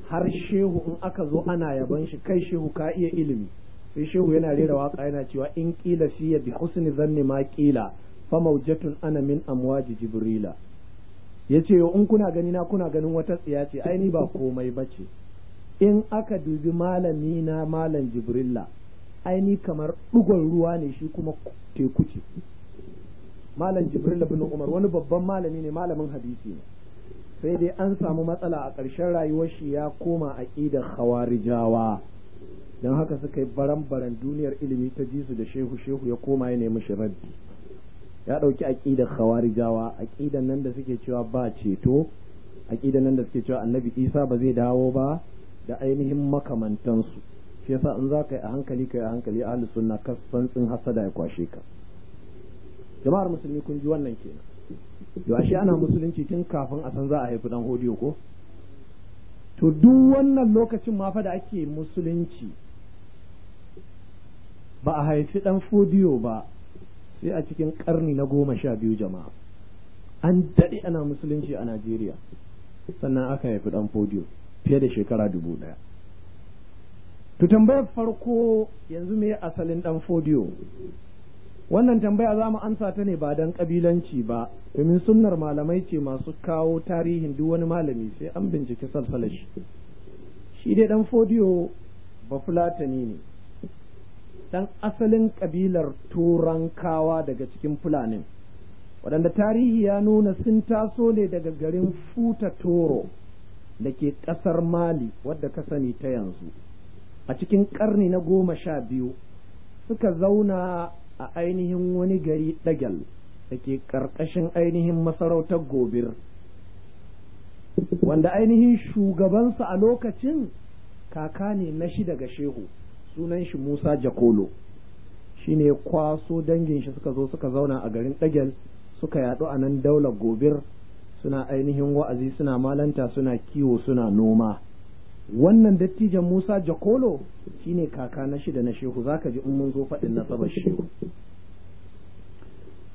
har shehu in aka zo ana yaban shi kai shehu ka iya ilimi sai shehu yana rera waka yana cewa in kila fiye bi husni zanni ma kila fa mawjatun ana min amwaji jibrila yace yo in kuna gani na kuna ganin wata tsiya ce ai ni ba komai bace in aka dubi malami na malam jibrila aini kamar ɗugon ruwa ne shi kuma teku ce malam jibril ibn umar wani babban malami ne malamin hadisi ne sai dai an samu matsala a ƙarshen rayuwar shi ya koma a aqidar khawarijawa don haka suka yi baran-baran duniyar ilimi ta jisu da shehu shehu ya koma ya nemi shi raddi ya ɗauki aƙidar khawarijawa aƙidar nan da suke cewa ba ceto aƙidar nan da suke cewa annabi isa ba zai dawo ba da ainihin makamantansu shi yasa in za ka yi a hankali ka yi a hankali ahlus sunna ka san tsin hasada ya kwashe ka jama'ar musulmi kun ji wannan kenan yau ashe ana musulunci tun kafin a san za a haifi dan hodiyo ko to duk wannan lokacin ma fa da ake musulunci ba a haifi dan hodiyo ba sai a cikin karni na goma sha biyu jama'a an daɗe ana musulunci a najeriya sannan aka haifi dan hodiyo fiye da shekara dubu ɗaya to tambayar farko yanzu me asalin dan fodiyo wannan tambaya za mu amsa ta ne ba dan kabilanci ba domin sunnar malamai ce masu kawo tarihin duk wani malami sai an binciki salsalashi shi shi dai dan fodiyo ba fulatani ne dan asalin kabilar turankawa daga cikin fulanin waɗanda tarihi ya nuna sun taso ne daga garin futa toro da ke ƙasar mali wadda ka sani ta yanzu a cikin ƙarni na goma sha biyu suka zauna a ainihin wani gari ɗagal da ke ƙarƙashin ainihin masarautar gobir wanda ainihin shugabansa a lokacin kaka ne na shi daga shehu sunan shi musa jakolo shi ne kwaso dangin shi suka zo suka zauna a garin ɗagal suka yaɗu a nan daular gobir suna ainihin wa'azi suna malanta suna kiwo suna noma wannan dattijan Musa Jakolo shine kaka na shida na shehu zaka ji in mun zo faɗin nasabar shehu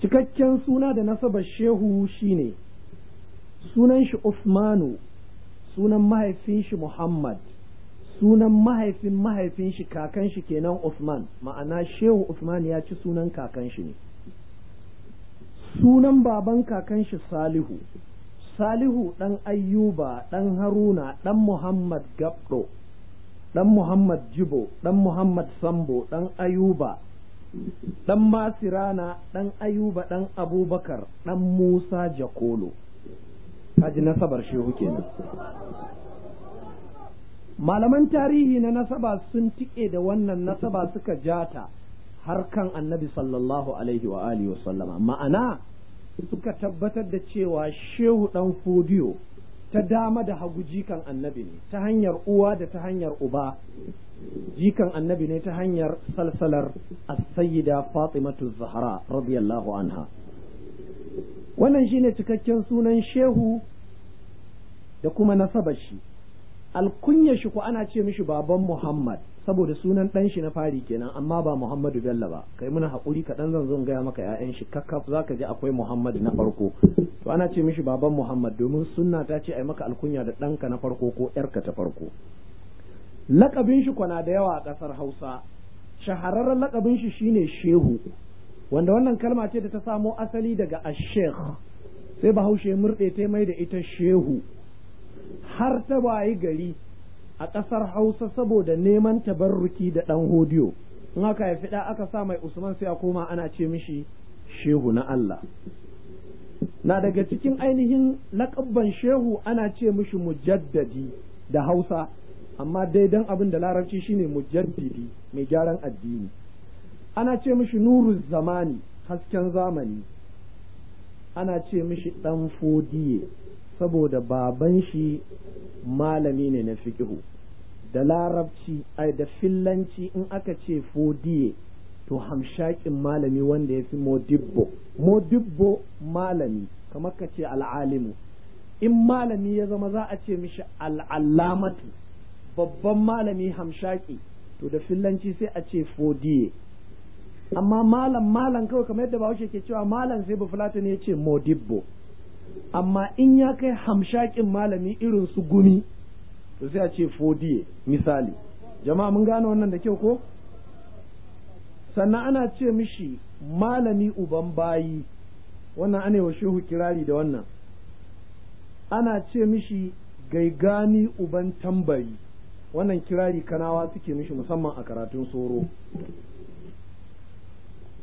cikakken suna da nasabar shehu shine sunan shi Usmanu sunan mahaifin shi Muhammad sunan mahaifin mahaifin shi kakan shi kenan Usman ma'ana shehu Usman ya ci sunan kakan shi ne sunan baban kakan shi Salihu salihu ɗan ayyuba ɗan haruna ɗan muhammad gabdo ɗan muhammad jibo ɗan muhammad sambo ɗan ayuba ɗan masirana ɗan ayuba ɗan abubakar ɗan musa jakolo kaji nasabar shehu kenan malaman tarihi na nasaba sun tike da wannan nasaba suka jata har kan annabi sallallahu alaihi wa alihi ma'ana suka tabbatar da cewa shehu ɗan fodiyo ta dama da hagu jikan annabi ne ta hanyar uwa da ta hanyar uba jikan annabi ne ta hanyar salsalar as-sayyida fatimatu zahra radiyallahu anha wannan shine cikakken sunan shehu da kuma nasabar shi alkunya shi ko ana ce mishi baban muhammad saboda sunan ɗan shi na fari kenan amma ba Muhammadu Bello ba kai muna hakuri kaɗan zan zon gaya maka ƴaƴan shi kakkaf zaka ji akwai Muhammadu na farko to ana ce mishi baban Muhammad domin sunna ta ce ai maka alkunya da ɗanka na farko ko ƴarka ta farko lakabin shi kwana da yawa a ƙasar Hausa shahararren lakabin shi shine shehu wanda wannan kalma ce da ta samo asali daga ash-sheikh sai bahaushe murɗe ta mai da ita shehu har ta bayi gari a ƙasar hausa saboda neman tabarruki da ɗan hodiyo in haka haifi ɗa aka sa mai usman sai a koma ana ce mishi shehu na Allah na daga cikin ainihin laƙabban shehu ana ce mishi mujaddadi da hausa amma dai daidan abin da larabci shine mujaddidi mai gyaran addini ana ce mishi nuru zamani hasken zamani ana ce mishi ɗan fodiye saboda baban shi malami ne na fiƙihu da larabci ai da fillanci in aka ce fodiye to hamshakin malami wanda ya fi modibbo modibbo malami kamar ka ce al'alimu in malami ya zama za a ce mishi al'allamatu babban malami hamshaki to da fillanci sai a ce fodiye amma malam malam kawai kamar yadda bahaushe ke cewa malam sai bufulata ne ya ce modibbo amma in ya kai hamshakin malami irin su gumi to sai a ce fodiye misali jama'a mun gane wannan da kyau ko sannan ana ce mishi malami uban bayi wannan ana wa shehu kirari da wannan ana ce mishi gaigani uban tambari wannan kirari kanawa suke mishi musamman a karatun soro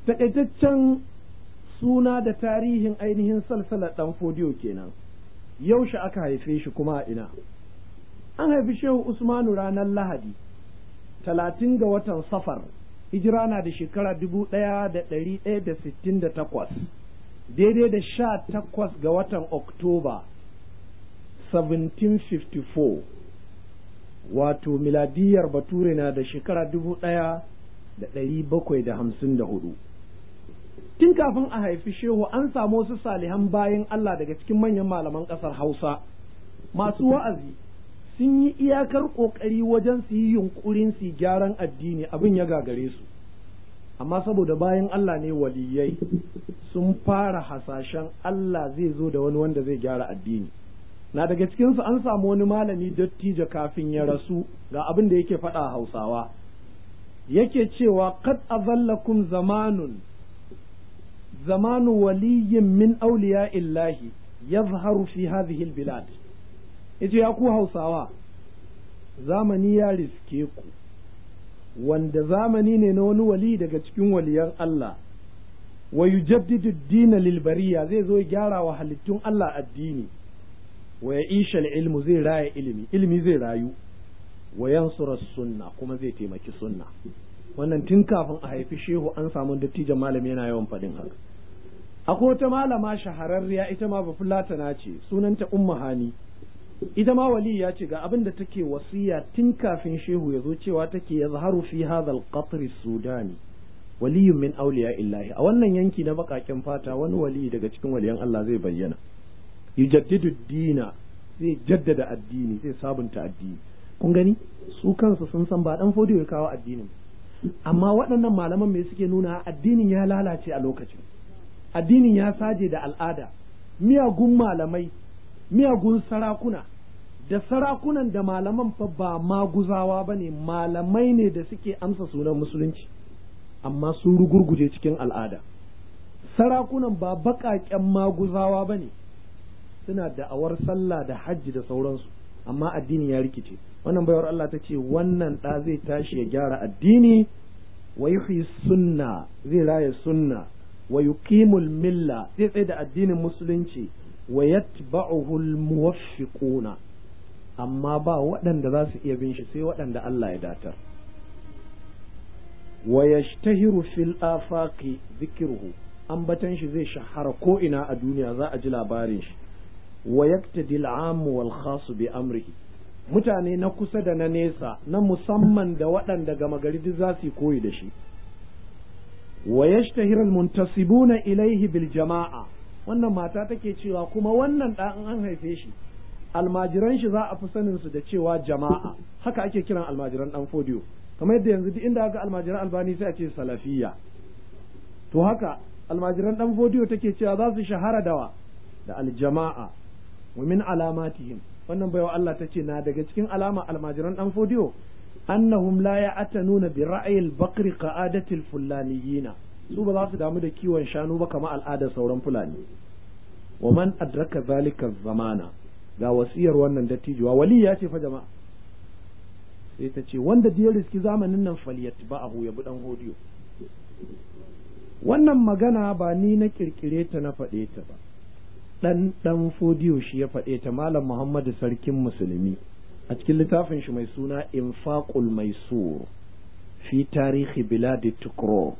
taƙaitaccen suna da tarihin ainihin salsalar ɗan fodiyo kenan yaushe aka haife shi kuma a ina an haifi shehu usmanu ranar lahadi talatin ga watan safar hijira na da shekara dubu ɗaya da ɗari ɗaya da sittin da takwas daidai da sha takwas ga watan oktoba 1754 wato miladiyar bature na da shekara dubu ɗaya da ɗari bakwai da hamsin da hudu tun kafin a haifi shehu an samu wasu salihan bayan Allah daga cikin manyan malaman ƙasar Hausa masu wa'azi sun yi iyakar ƙoƙari wajen su yi yunƙurin su gyaran addini abin ya gagare su amma saboda bayan Allah ne waliyai sun fara hasashen Allah zai zo da wani wanda zai gyara addini na daga cikin su an samu wani malami dattijo kafin ya rasu ga abin da yake faɗa Hausawa yake cewa kad azallakum zamanun zamanu waliyin min auliya illahi yazharu fi hadhihi albilad Ita ya ku hausawa zamani ya riske ku wanda zamani ne na wani wali daga cikin waliyan Allah wa yujaddidu ad-din zai zo gyara wa halittun Allah addini wa ishan ilmu zai raya ilimi ilimi zai rayu wa yansura sunna kuma zai taimaki sunna wannan tun kafin a haifi shehu an samu dattijan malami yana yawan fadin haka akwai wata malama shahararriya ita ma bafulatana ce sunanta umma hani ita ma wali ya ce ga abin da take wasiya tun kafin shehu ya zo cewa take ya zaharu fi hadhal qatr sudani waliyun min auliya illahi a wannan yanki na bakakin fata wani wali daga cikin waliyan Allah zai bayyana yujaddidu dina zai jaddada addini zai sabunta addini kun gani su kansu sun san ba dan fodiyo ya kawo addinin amma waɗannan malaman me suke nuna addinin ya lalace a lokacin addinin ya saje da al'ada miyagun malamai miyagun sarakuna da sarakunan da malaman fa ba maguzawa ba ne malamai ne da suke amsa sunan musulunci amma sun rugurguje cikin al'ada sarakunan ba baƙaƙen maguzawa ba ne suna da'awar sallah da hajji da sauransu amma addini ya rikice wannan bayar Allah ta ce wannan ɗa zai tashi ya gyara addini wa sunna zai raya sunna wa yuqimul milla sai da addinin musulunci wa yatba'uhu al-muwaffiquna amma ba waɗanda za su iya bin shi sai waɗanda Allah ya datar wa yashtahiru fil afaqi dhikruhu ambatan shi zai shahara ko ina a duniya za a ji labarin shi wa yaktadi al amu wal khas bi amrihi mutane na kusa da na nesa na musamman da waɗanda gama gari duk za su koyi da shi wa yashtahir na ilaihi bil jama'a wannan mata take cewa kuma wannan da an haife shi almajiran shi za a fi sanin su da cewa jama'a haka ake kiran almajiran dan fodiyo kamar yadda yanzu duk inda aka almajiran albani sai a ce salafiya. to haka almajiran dan fodiyo take cewa za su shahara dawa da aljama'a wa min alamatihim wannan baiwa Allah tace na daga cikin alama almajiran dan fodiyo annahum la nuna bi bakri ka qa'adatil fulaniyina su ba za su damu da kiwon shanu ba kamar al'adar sauran fulani wa man adraka zalika zamana ga wasiyar wannan dattijuwa wali ya ce fa jama'a sai ta ce wanda da ya riski zamanin nan faliyat ba a ya budan hodiyo wannan magana ba ni na kirkire ta na faɗe ta ba ɗan ɗan fodiyo shi ya faɗe ta malam muhammadu sarkin musulmi a cikin littafin shi mai suna infaqul su fi tarihi biladi tukro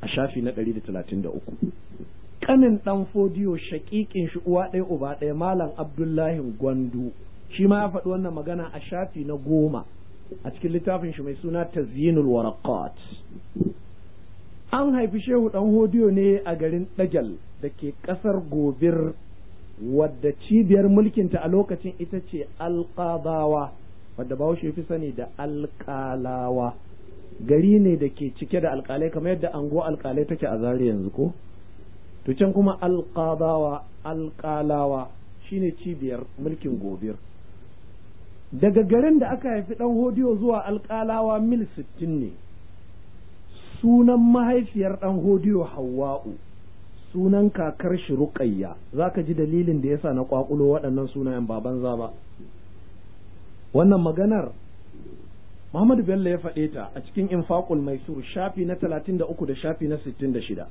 a shafi na 133 kanin dan fodiyo shakikin shi uwa ɗaya uba ɗaya malam abdullahi gwandu shi ma ya faɗi wannan magana a shafi na goma a cikin littafin shi mai suna tazyinul waraqat an haifi shehu dan hodiyo ne a garin dagal da ke ƙasar gobir wadda cibiyar mulkinta a lokacin ita ce alƙabawa wadda bahaushe fi sani da alƙalawa gari ne da ke cike da alƙalai kamar yadda ango alƙalai take a zari yanzu ko to can kuma alƙabawa alƙalawa shine cibiyar mulkin gobir daga garin da aka haifi ɗan hodiyo zuwa alƙalawa mil sittin ne sunan mahaifiyar ɗan hodiyo hawa'u sunan kakar shi za ka ji dalilin da ya sa na kwakulo waɗannan sunayen baban za ba wannan maganar Muhammadu Bello ya faɗe ta a cikin Infaqul Maisur shafi na 33 da shafi na 66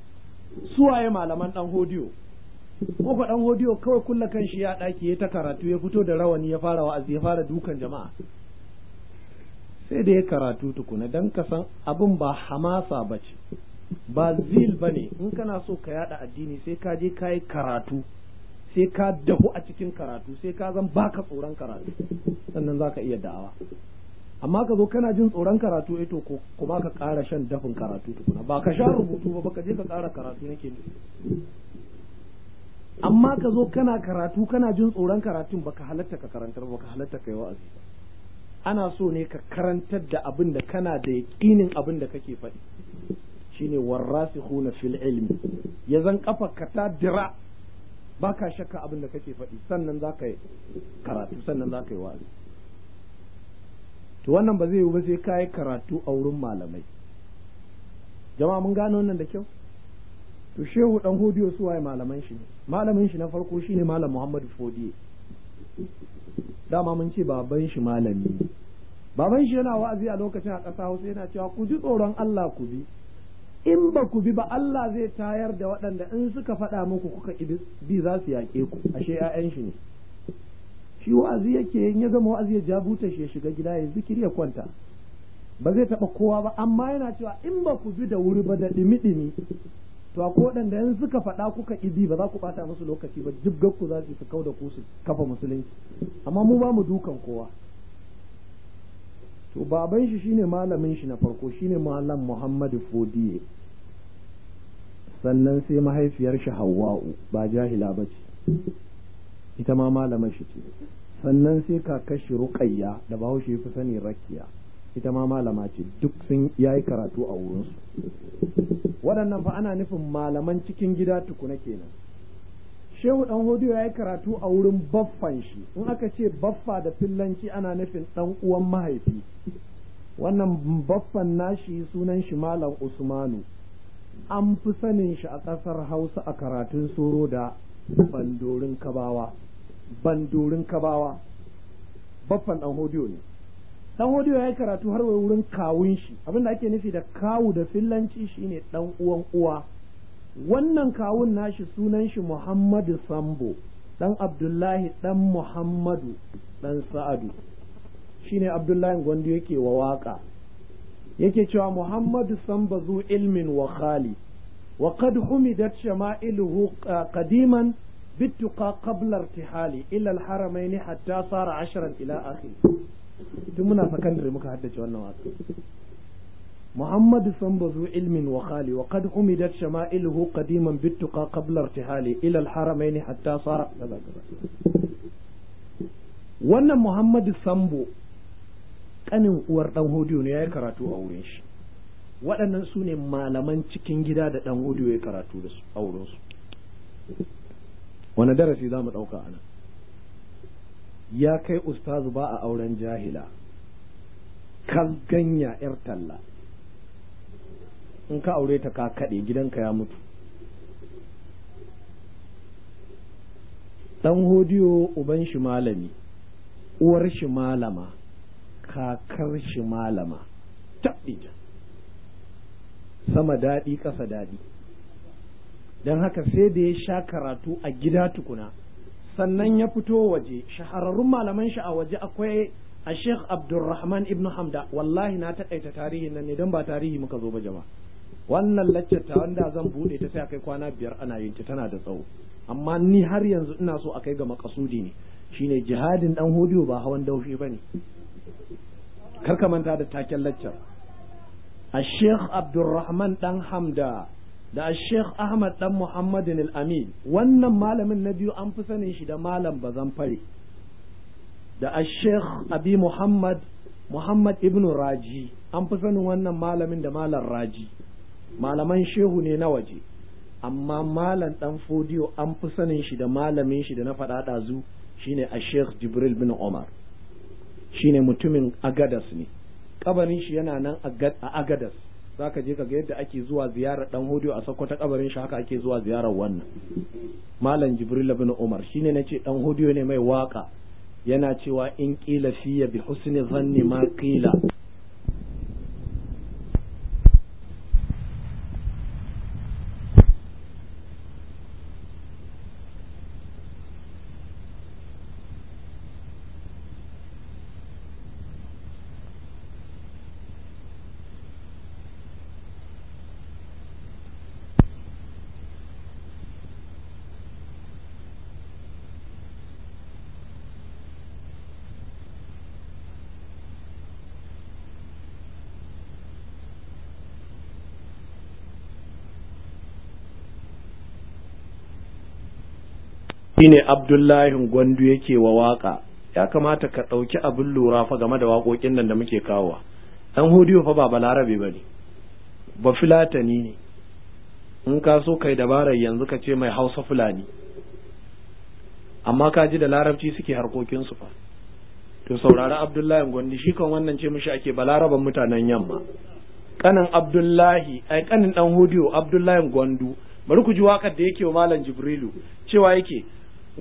suwaye malaman ɗan hodiyo ko ɗan dan hodiyo kawai kulla kan shi ya ɗaki, ya ta karatu ya fito da rawani ya fara wa'azi ya fara dukan jama'a sai da ya karatu tukuna dan san abin ba hamasa bace ba zil ba ne in kana so ka yada addini sai ka je ka yi karatu sai ka dahu a cikin karatu sai ka zan baka tsoron karatu sannan za ka iya da'awa amma ka zo kana jin tsoron karatu eto eh ko kuma ka ƙara shan dafin karatu tukuna ba ka sha rubutu ba ka je ka ƙara karatu nake nufi amma ka zo kana karatu kana jin tsoron karatun baka halatta ka karantar baka halatta ka yi wa'azi ana so ne ka karantar da abin da kana da yaƙinin abin da kake faɗi shine warasikhuna fil ilmi ya zan kafa ka ta dira baka shakka abin da kake faɗi sannan za ka yi karatu sannan za ka yi wa'azi to wannan ba zai yi ba sai ka yi karatu a wurin malamai jama'a mun gano wannan da kyau to shehu dan hodiyo su waye malaman shi malamin shi na farko shine malam Muhammadu Fodiye dama mun ce baban shi malami baban shi yana wa'azi a lokacin a ƙasa Hausa yana cewa ku ji tsoron Allah ku bi in ba ku bi ba Allah zai tayar da waɗanda in suka faɗa muku kuka bi za su yaƙe ku ashe 'ya'yan shi ne shi wa'azi yake in ya gama wa'azi ya jabuta shi ya shiga gida ya zikiri ya kwanta ba zai taɓa kowa ba amma yana cewa in ba ku bi da wuri ba da ɗimi-ɗimi to a waɗanda in suka faɗa kuka ibi ba za ku ɓata musu lokaci ba jibgar ku za su kau da ku su kafa musulunci amma mu ba mu dukan kowa to baban shi shine malamin shi na farko shine malam muhammadu fodiye sannan sai mahaifiyar shi hawa'u ba jahila ba ita ma malamar shi ce sannan sai kakar shi ruƙayya da bahaushe fi sani rakiya ita ma malama ce duk sun yayi karatu a wurinsu waɗannan fa ana nufin malaman cikin gida tukuna kenan shehu dan hudu ya yi karatu a wurin baffan shi in aka ce baffa da fillanci ana nufin dan uwan mahaifi wannan baffan nashi sunan shi malam usmanu an fi sanin shi a ƙasar hausa a karatun soro da bandorin kabawa bandorin kabawa baffan dan hudu ne dan hudu ya yi karatu har wurin kawun shi abinda ake nufi da kawu da fillanci shine dan uwan uwa wannan kawun nashi sunan shi Muhammadu Sambo dan Abdullahi dan Muhammadu dan Sa'adu shine Abdullahi Gondo yake wa waka yake cewa Muhammadu Sambo zu ilmin wa khali wa qad humidat shama'iluhu qadiman بالتقى قبل ارتحالي Ila الحرمين hatta sara 10 ila آخره tun muna sakandare muka haddace wannan waka محمد صنب ذو علم وخال وقد حمدت شمائله قديما بالتقى قبل ارتحاله إلى الحرمين حتى صار كذا كذا wannan Muhammad Sambo kanin uwar dan hodiyo ya yi karatu a wurin shi waɗannan su malaman cikin gida da dan hodiyo ya karatu a wurin wani darasi za mu ɗauka a ya kai ustazu ba a auren jahila Ka ganya 'yar talla in ka aure ta ka kaɗe gidanka ya mutu ɗan hodiyo uban shi malami uwar shi malama kakar shi malama taɓita sama daɗi ƙasa daɗi don haka sai da ya sha karatu a gida tukuna sannan ya fito waje shahararrun malaman shi a waje akwai a sheikh abdulrahman ibn hamda wallahi na taƙaita tarihin nan ne don ba tarihi muka zo ba jama'a wannan laccar ta wanda zan bude ta sai akai kwana biyar ana yin ta tana da tsawo amma ni har yanzu ina so akai ga makasudi ne shine jihadin dan hodiyo ba hawan daushi bane kar ka manta da taken laccar a عبد الرحمن dan Hamda da Sheikh Ahmad dan Muhammadin Al-Amin wannan malamin na biyu an fi sanin shi da malam bazan fare da Sheikh Abi Muhammad Muhammad ibn Raji an fi sanin wannan malamin da malam Raji malaman shehu ne na waje amma malam dan fodiyo an fi sanin shi da malamin shi da na faɗa ɗazu shine a sheikh jibril bin omar shine mutumin agadas ne kabarin shi yana nan a agadas zaka je ka ga yadda ake zuwa ziyarar dan hodiyo a sakkwata kabarin shi haka ake zuwa ziyarar wannan malam jibril bin umar shine ce dan hodiyo ne mai waka yana cewa in kila fiya bi husni zanni ma kila shine abdullahi gwandu yake wa waka ya kamata ka ɗauki abin lura fa game da waƙoƙin nan da muke kawowa dan hudiyo fa ba balarabe ba ne ba filatani ne in ka so kai dabarar yanzu ka ce mai hausa fulani amma ka ji da larabci suke harkokinsu fa to saurari abdullahi gwandi shi kan wannan ce mushi ake balaraban mutanen yamma kanin abdullahi ai kanin dan hudiyo abdullahi gwandu bari ku ji wakar da yake wa malam jibrilu cewa yake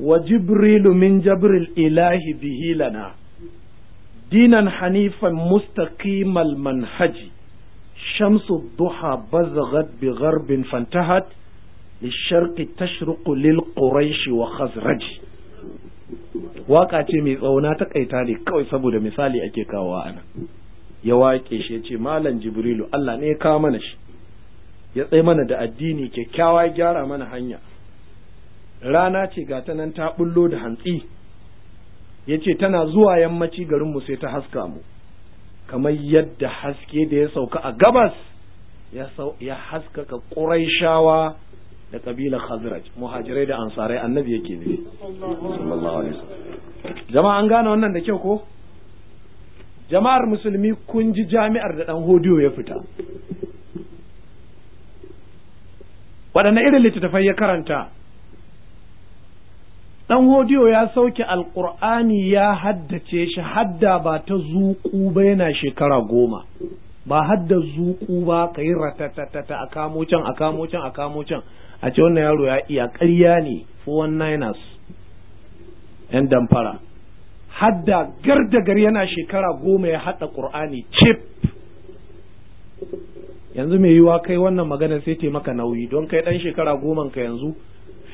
wa jibrilu min jabril ilahi bihi lana dinan hanifan mustaqimal manhaji Shamsu, شمس الضحى بزغت fantahat Lisharqi, للشرق Lil wa وخزرج waka ce mai tsauna ta kaita ne kawai saboda misali ake kawo ana ya waƙe shi ya ce malam jibrilu Allah ne ya kawo mana shi ya tsaye mana da addini kyakkyawa ya gyara mana hanya rana ce ga ta nan ta bullo da hantsi ya ce tana zuwa yammaci garinmu sai ta haska mu kamar yadda haske da ya sauka a gabas ya haskaka ƙuraishawa da ƙabilar khazraj muhajirai da ansarai annabi yake nufi sallallahu jama'a an gane wannan da kyau ko jama'ar musulmi kun ji jami'ar da ɗan hodiyo ya fita waɗanne irin littattafai ya karanta dan hodiyo ya sauke alkur'ani ya haddace shi hadda ba ta zuƙu ba yana shekara goma ba hadda zuƙu ba ka yi ratatatata a kamo can a kamo can a kamo can a ce wannan yaro ya iya ƙarya ne 419ers yan damfara hadda gardagar yana shekara goma ya haɗa ƙur'ani chip yanzu mai yiwa kai wannan magana sai taimaka nauyi don kai ɗan shekara goma ka yanzu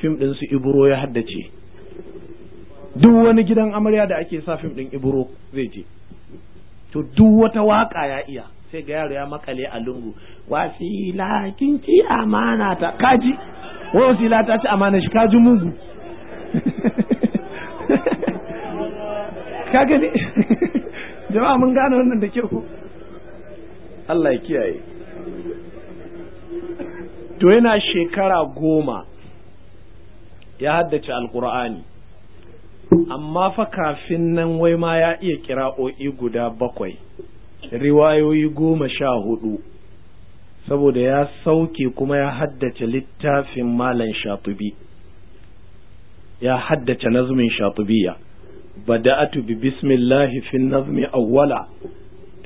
fim ɗin su ibro ya haddace duk wani gidan amarya da ake sa fim din ibro zai je to duk wata waka ya iya sai ga yaro ya makale a lungu wasila kinki ci amana ta kaji wasila ta ci amana shi kaji mugu <laughs> ka gani <laughs> jama'a mun gane wannan da kyau Allah ya kiyaye to yana shekara goma ya haddace alkur'ani amma fa kafin nan wai ma ya iya kira'o'i guda bakwai riwayoyi goma sha hudu saboda ya sauke kuma ya haddace littafin malan shatubi ya haddace nazmin shatubiya bada'atu bi bismillahi fi nazmi awwala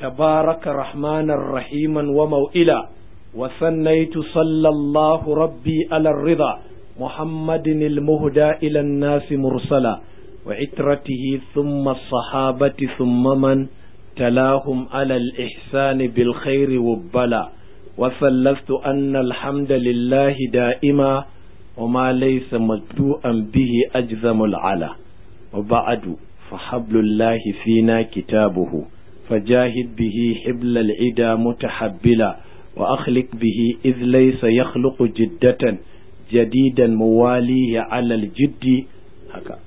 tabaraka rahmanar rahiman wa mau'ila wa sannaitu sallallahu rabbi ala rida muhammadin muhda ila nasi mursala وعترته ثم الصحابة ثم من تلاهم على الإحسان بالخير والبلاء وثلثت أن الحمد لله دائما وما ليس مدوءا به أجزم العلا وبعد فحبل الله فينا كتابه فجاهد به حبل العدا متحبلا وأخلق به إذ ليس يخلق جدة جديدا مواليه على الجد هكذا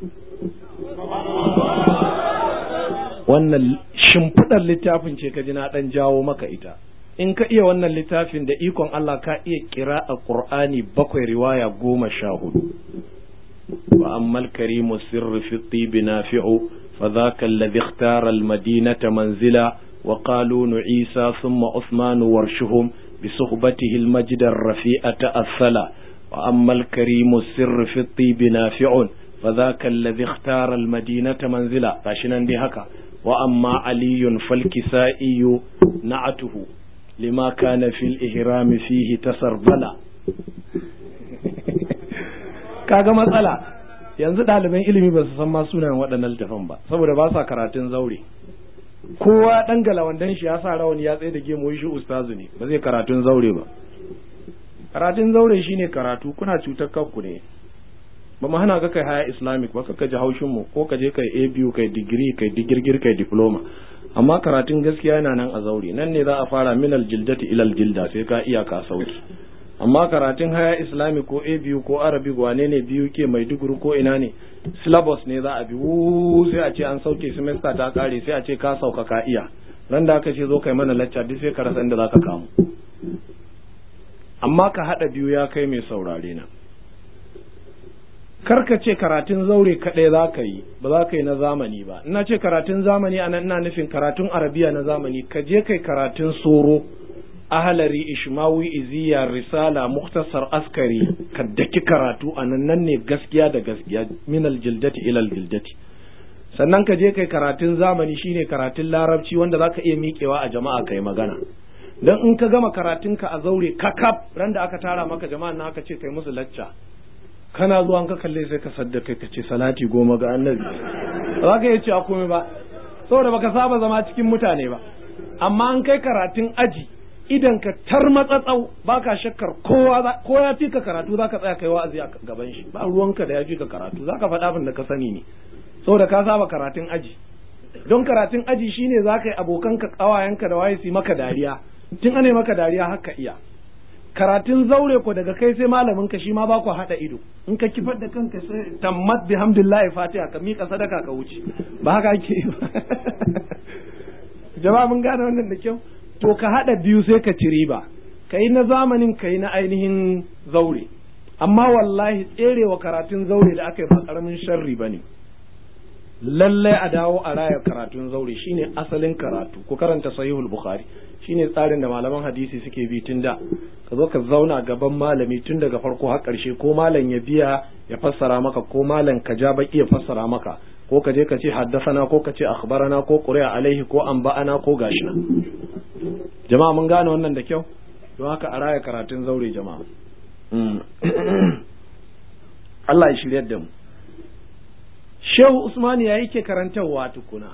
wannan shimfiɗar littafin ce ka ji na ɗan jawo maka ita in ka iya wannan littafin da ikon Allah ka iya kira a ƙur'ani bakwai riwaya goma sha hudu wa ammal karimu sirri fi tibi nafi'u fa za ka ikhtara madinata manzila wa qalu nu'isa thumma uthman warshuhum bi suhbatihi al-majd ar-rafi'ata as wa ammal karimu sirri fi tibi nafi'un fa zaka allazi ikhtara almadinata manzila gashi nan dai haka wa amma aliyun falkisaiyu na'atuhu lima kana fil ihrami fihi tasarbala kaga matsala yanzu ɗaliban ilimi ba su san ma sunayen waɗannan littafan ba saboda ba sa karatun zaure kowa ɗan galawandan shi ya sa rawani ya tsaye da gemu shi ustazu ne ba zai karatun zaure ba karatun zaure shine karatu kuna cutar kanku ne ba mu hana ka kai haya islamic ba ka ji haushin mu ko ka je kai abu kai digiri kai digirgir kai diploma amma karatun gaskiya yana nan a zaure nan ne za a fara minal jildati ilal jilda sai ka iya ka sauki amma karatun haya islamic ko abu ko arabi wane ne biyu ke mai duguru ko ina ne syllabus ne za a bi sai a ce an sauke semester ta kare sai a ce ka sauka ka iya ran da aka ce zo kai mana lacca duk sai ka rasa inda za ka kamu amma ka haɗa biyu ya kai mai saurare na karka ce karatun zaure kaɗai za ka yi ba za ka yi na zamani ba ina ce karatun zamani a nan ina nufin karatun arabiya na zamani ka je kai karatun soro ahalari ishmawi iziya risala muktasar askari ka daki karatu a nan nan ne gaskiya da gaskiya minal jildati ilal jildati sannan ka je kai karatun zamani shine karatun larabci wanda za ka iya miƙewa a jama'a kai magana dan in ka gama karatunka a zaure kakaf randa aka tara maka jama'a na aka ce kai musu lacca kana zuwa ka kalle sai ka saddaka ka ce salati goma ga annabi ba ka iya cewa komai ba saboda baka saba zama cikin mutane ba amma an kai karatun aji idan ka tar matsatsau ka shakkar kowa ko ya fi ka karatu za ka tsaya kai wa'azi a gaban shi ba ruwanka da ya fi ka karatu Za ka faɗa abin da ka sani ne saboda ka saba karatun aji don karatun aji shine za ka yi abokanka kawayenka da waye su maka dariya tun ane maka dariya haka iya karatun zaure ko daga kai sai malamin ka shi ma ba ku haɗa ido in ka kifar da kanka sai tammat bihamdillahi fatiha ka miƙa sadaka ka wuce ba haka ake yi <laughs> jama'a mun gane wannan da kyau to ka haɗa biyu sai ka ci riba ka na zamanin ka na ainihin zaure amma wallahi tserewa karatun zaure da aka yi ba ƙaramin sharri ba ne lallai a dawo a raya karatun zaure shine asalin karatu ku karanta sahihul bukhari shine tsarin da malaman hadisi suke bi tun da ka zo ka zauna gaban malami tun daga farko har karshe ko malam ya biya ya fassara maka ko malam ka ja baki ya fassara maka ko ka je ka ce haddasana ko ka ce akhbarana ko quri'a alaihi ko anba'ana ko gashi na jama'a mun gane wannan da kyau don haka a raya karatun zaure jama'a mm. <coughs> Allah ya shiryar da mu shehu usman ya yake karantarwa tukuna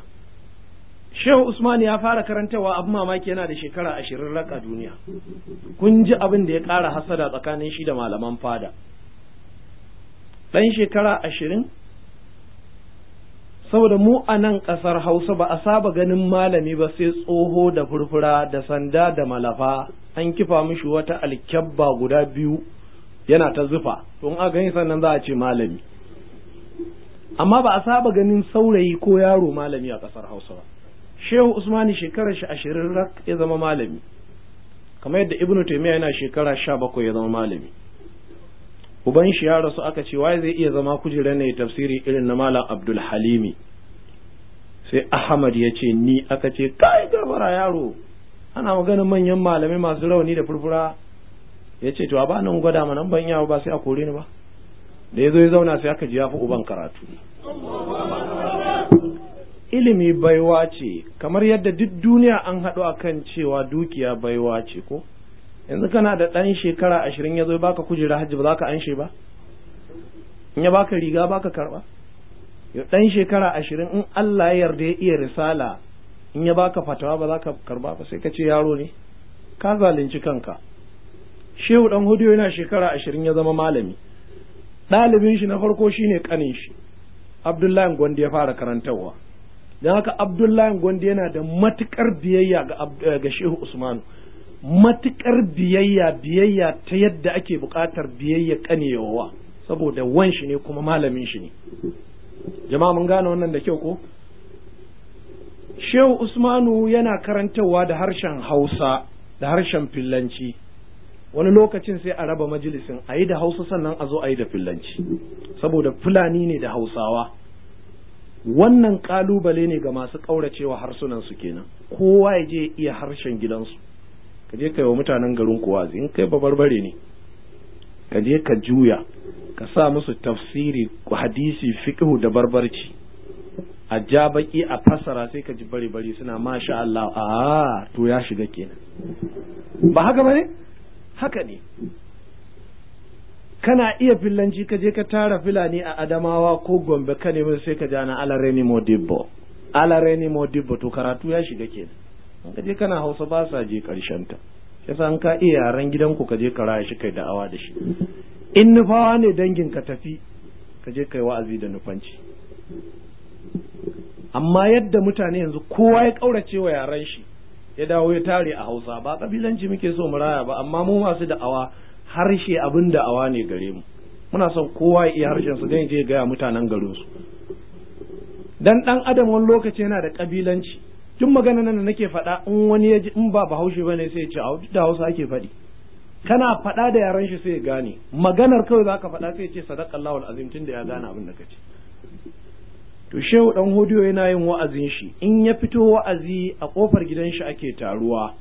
shehu usman ya fara karantarwa abin mamaki yana da shekara ashirin raka duniya kun ji abin da ya ƙara hasada tsakanin shi da malaman fada ɗan shekara ashirin saboda mu a nan ƙasar hausa ba a saba ganin malami ba sai tsoho da furfura da sanda da malafa an kifa mishi wata alkyabba guda biyu yana ta zufa to a aka sannan za a ce malami amma ba a saba ganin saurayi ko yaro malami a ƙasar hausa ba shehu usmani shekarar shi ashirin rak ya zama malami kamar yadda ibnu taimiyya yana shekara sha bakwai ya zama malami uban shi ya rasu aka ce ya zai iya zama kujerar ne tafsiri irin na malam abdul halimi sai ahmad ya ce ni aka ce kai gabara yaro ana maganin manyan malamai masu rauni da furfura ya ce to a ba nan gwada mana ban yawo ba sai a kore ni ba da ya zo ya zauna sai aka ji ya fi uban karatu ilimi baiwa ce kamar yadda duk duniya an haɗu a kan cewa dukiya baiwa ce ko yanzu kana da ɗan shekara ashirin ya zo baka kujera hajji ba za ka anshe ba in ya baka riga baka karɓa ɗan shekara ashirin in Allah ya yarda ya iya risala in ya baka fatawa ba za ka karɓa ba sai ka ce yaro ne ka zalunci kanka shehu ɗan hudu yana shekara ashirin ya zama malami ɗalibin shi na farko shine kanin shi abdullahi gwandi ya fara karantarwa don haka abdullahi gwandi yana da matuƙar biyayya eh, ga shehu usmanu Matuƙar biyayya biyayya ta yadda ake buƙatar biyayya kanewa saboda wan shi ne kuma malamin shi ne jama'a mun gane wannan da kyau ko shehu usmanu yana karantarwa da harshen hausa da harshen fillanci wani lokacin sai a raba majalisin a yi da hausa sannan a zo a yi da fulanci saboda fulani ne da hausawa wannan kalubale ne ga masu ƙauracewa harsunan su kenan kowa ya je iya harshen gidansu ka je ka wa mutanen garin kuwa in kai babarbare ne ka je ka juya ka sa musu tafsiri hadisi fiqhu da barbarci a ja baki a fassara sai ka ji bari bari suna masha Allah a to ya shiga kenan ba haka ba ne? haka ne kana iya filanci ka je ka tara filani a adamawa ko gombe ka nemi sai ka jana alareni modibbo alareni modibbo to karatu ya shiga kenan ka je kana hausa ba sa je karshen ta yasa an ka iya yaran gidanku ka je ka raya shi kai da'awa da shi in nufawa ne dangin ka tafi ka je kai wa'azi da nufanci amma yadda mutane yanzu kowa ya ƙaurace wa yaren shi ya dawo ya tare a hausa ba kabilanci muke so mu raya ba amma mu masu da'awa harshe abin da'awa ne gare mu muna son kowa ya iya harshen su dan je gaya mutanen garin su dan dan adam wani lokaci yana da kabilanci tun magana nan da nake faɗa in wani ya ji in ba bahaushe bane sai ya ce a da hausa ake faɗi kana faɗa da yaran shi sai ya gane maganar kawai za ka faɗa sai ya ce sadaqallahu alazim tun da ya gane abin da kace to shehu dan hodiyo yana yin wa'azin shi in ya fito wa'azi a kofar gidan shi ake taruwa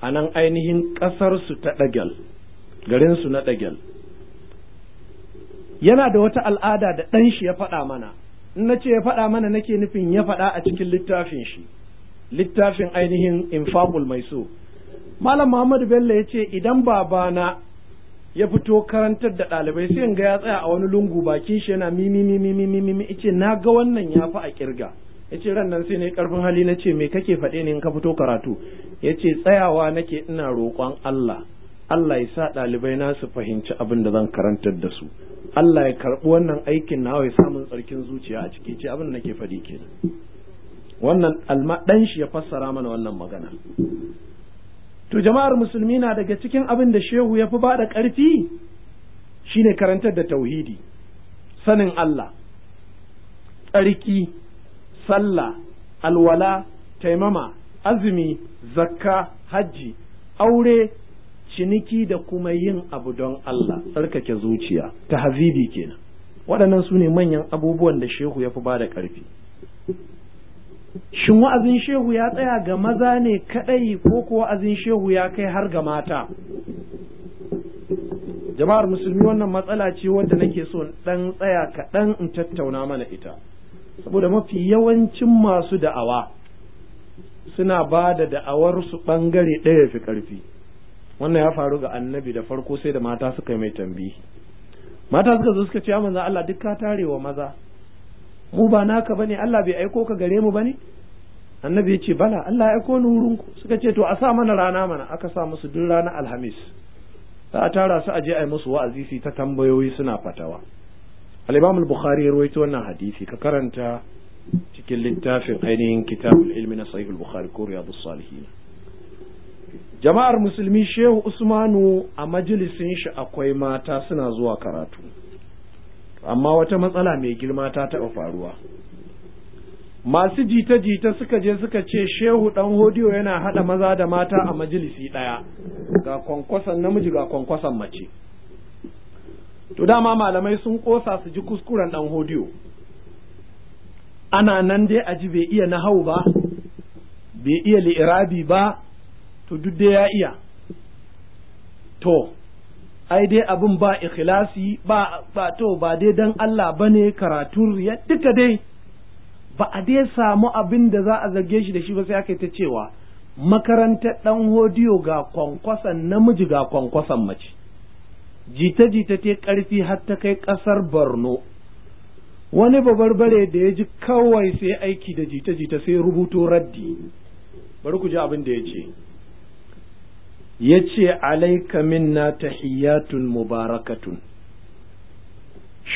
a nan ainihin ƙasarsu su ta ɗagal garin su na ɗagal yana da wata al'ada da ɗan shi ya faɗa mana in na ce ya faɗa mana nake nufin ya faɗa a cikin littafin shi littafin ainihin infaqul mai so malam muhammadu bello ya ce idan babana ya fito karantar da ɗalibai sai ga ya tsaya a wani lungu bakin shi yana mimi mimi mimi mimi ice na ga wannan ya fi a kirga ce ran nan sai ne karfin hali na ce me kake faɗe ne in ka fito karatu Ya ce tsayawa nake ina roƙon Allah Allah ya sa ɗalibai na su fahimci abin da zan karantar da su Allah ya karɓi wannan aikin nawa ya samun tsarkin zuciya a ciki ce abin da nake faɗi kenan wannan alma ɗan shi ya fassara mana wannan magana to jama'ar musulmi na daga cikin abin da shehu ya fi ba da ƙarfi shine karantar da tauhidi sanin Allah tsarki sallah alwala taimama azumi zakka hajji aure ciniki da kuma yin abu don Allah tsarkake zuciya ta hazibi kenan waɗannan su ne manyan abubuwan da shehu ya fi ba da ƙarfi shin wa'azin shehu ya tsaya ga maza ne kaɗai ko kuwa wa'azin shehu ya kai har ga mata jama'ar musulmi wannan matsala ce wadda nake so ɗan tsaya kaɗan in tattauna mana ita saboda mafi yawancin masu da'awa suna ba da da'awarsu ɓangare ɗaya fi ƙarfi wannan ya faru ga annabi da farko sai da mata suka yi mai tambihi mata suka zo suka ce manza Allah duk ka wa maza mu ba naka bane Allah bai aiko ka gare mu bane annabi yace bala Allah ya aiko ni wurin ku suka ce to a sa mana rana mana aka sa musu duk rana alhamis za a tara su aje a yi musu wa'azi su ta tambayoyi suna fatawa al-imam al-bukhari ya rawaito wannan hadisi ka karanta cikin littafin ainihin kitabul ilmi na sahih al-bukhari ko riyadus salihin jama'ar musulmi shehu usmanu a majalisin shi akwai mata suna zuwa karatu amma wata matsala mai girma ta taɓa faruwa masu jita-jita suka je suka ce shehu ɗan hodiyo yana haɗa maza da mata a majalisi ɗaya ga kwankwason namiji ga kwankwason mace to dama malamai sun ƙosa su ji kuskuren ɗan hodiyo ana nan dai aji bai iya na hau ba bai iya li'irabi ba to duk dai ya iya to ai dai abin ba ikhlasi ba ba to ba dai dan Allah bane karatu ya duka dai ba a dai samu abin da za a zarge shi da shi ba sai aka ta cewa makarantar dan hodiyo ga kwankwasan namiji ga kwankwasan mace jita jita ta karfi har ta kai kasar Borno wani babarbare da ya ji kawai sai aiki da jita jita sai rubuto raddi bari ku ji abin da ya ce ya ce alaika minna tahiyyatun mubarakatun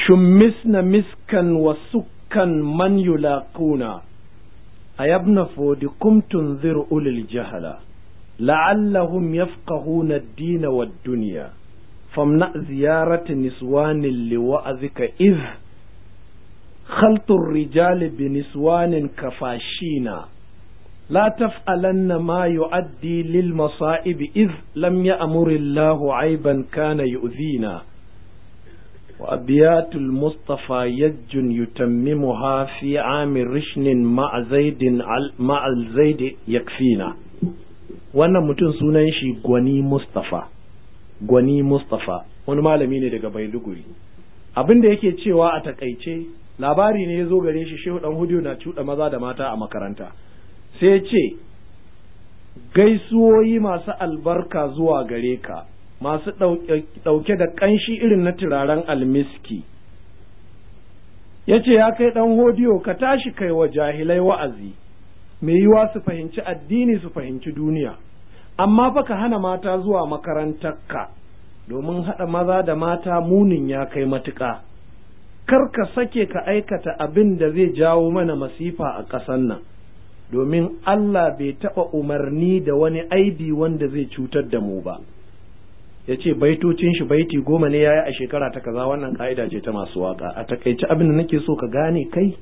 shummisna miskan wa sukkan man yulaquna ayabna fodikum tunziru ulil jahala la'allahum yafqahuna ad-dina wad-dunya famna ziyarati niswanin liwa'azika iz rijali الرجال بنسوان كفاشينا la taf'alanna ma yu'addi lil masa'ib iz lam ya'mur Allahu 'ayban kana yu'dhina wa abiyatul mustafa yajjun yutammimuha fi 'amir rishnin ma'a zaidin ma'al zaid wannan mutum sunan shi gwani mustafa gwani mustafa wani malami ne daga bailuguri abin da yake cewa a takaice labari ne ya zo gare shi shehu dan hudu na cuɗa maza da mata a makaranta sai ce gaisuwoyi masu albarka zuwa gare ka masu ɗauke da ƙanshi irin na turaren almiski ya ce ya kai ɗan hodiyo ka tashi kai wa jahilai wa'azi mai yiwa su fahimci addini su fahimci duniya amma fa ka hana mata zuwa makarantarka domin haɗa maza da mata munin ya kai matuƙa kar ka sake ka aikata abin da zai jawo mana masifa a ƙasan nan domin Allah bai taɓa umarni da wani aibi wanda zai cutar da mu ba ya ce baitocin shi baiti goma ne ya yi a shekara ta kaza wannan ka'ida ce ta masu waka a takaici abin da nake so ka gane kai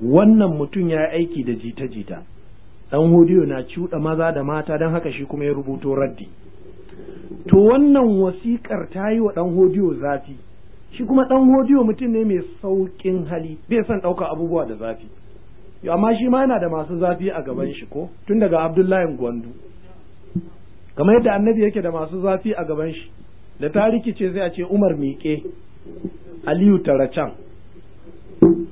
wannan mutum ya yi aiki da jita-jita dan hodiyo na cuɗa maza da mata don haka shi kuma ya rubuto raddi to wannan wasiƙar ta yi wa dan hodiyo zafi shi kuma dan hodiyo mutum ne mai sauƙin hali bai son ɗauka abubuwa da zafi amma shi ma yana da masu zafi a gaban shi ko tun daga abdullahi gwandu kamar yadda annabi yake da masu zafi a gaban shi da ta rikice sai a ce umar miƙe aliyu tara can <laughs>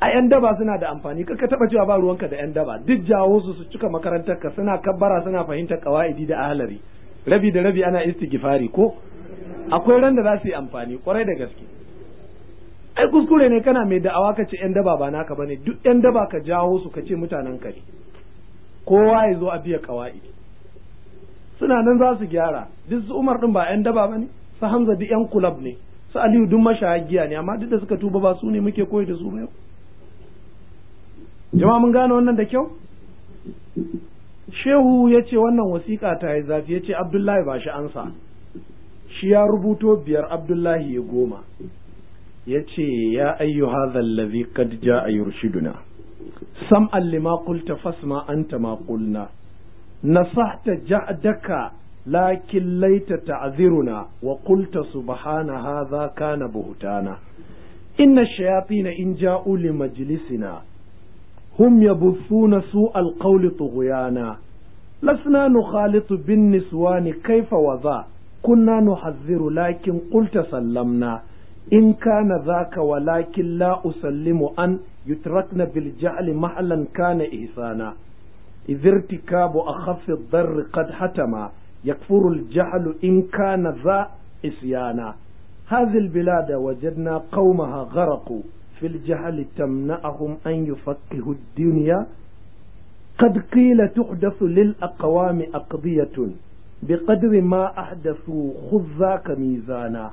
a yan daba suna da amfani kar ka taba cewa ba ruwanka da yan daba duk jawo su su cika makarantar ka suna kabbara suna fahimtar kawaidi da ahalari rabi da rabi ana istighfari ko akwai ran da za su yi amfani kwarai da gaske ai kuskure ne kana mai da'awa ka ce yan daba ba naka ne duk yan daba ka jawo su ka ce mutanen ka kowa ya zo a biya kawai suna nan za su gyara duk su Umar din ba yan daba ba ne su Hamza duk yan kulab ne su Aliyu duk mashahagiya ne amma duk da suka tuba ba su ne muke koyi da su ba yau jama'a mun gane wannan da kyau shehu ya ce wannan wasiƙa ta yi zafi ya ce abdullahi ba shi ansa shi ya rubuto biyar abdullahi ya goma yace ya ayyu hadha a qad jaa yurshiduna sam'an lima qulta fasma anta ma qulna nasahta ja'daka lakin laita ta'ziruna wa qulta subhana hadha kana buhtana inna shayatin in ja'u li majlisina hum yabuthuna su'al qawli tughyana su نخالط بالنسوان kaifa وذا kunna نحذر lakin قلت sallamna. إن كان ذاك ولكن لا أسلم أن يتركن بالجعل محلا كان إحسانا إذ ارتكاب أخف الضر قد حتما يكفر الجهل إن كان ذا إسيانا هذه البلاد وجدنا قومها غرقوا في الجهل تمنعهم أن يفقهوا الدنيا قد قيل تحدث للأقوام أقضية بقدر ما أحدثوا خذ ذاك ميزانا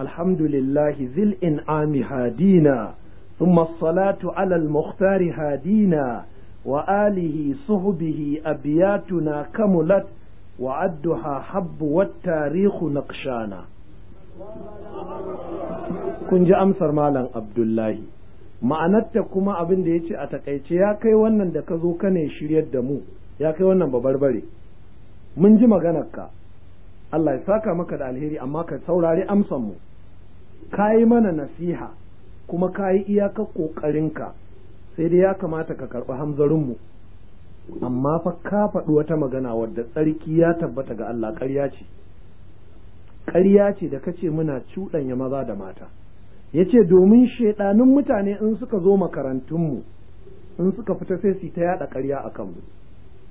الحمد لله ذي الإنعام هادينا ثم الصلاة على المختار هادينا وآله صهبه أبياتنا كملت وعدها حب والتاريخ نقشانا kun ji amsar malam abdullahi ma'anarta kuma abin da ya ce a takaice ya kai wannan da ka zo ka ne shiryar da mu ya kai wannan babarbare mun ji maganarka Allah ya saka maka da alheri amma ka saurari amsan mu ka yi mana nasiha kuma ka yi iyakar ƙoƙarinka sai dai ya kamata ka karɓi hamzarinmu amma fa ka faɗi wata magana wadda tsarki ya tabbata ga Allah ƙarya ce ƙarya ce da kace muna cuɗanya maza da mata ya ce domin shaiɗanun mutane in suka zo makarantunmu in suka fita sai su ta yaɗa ƙarya a kanmu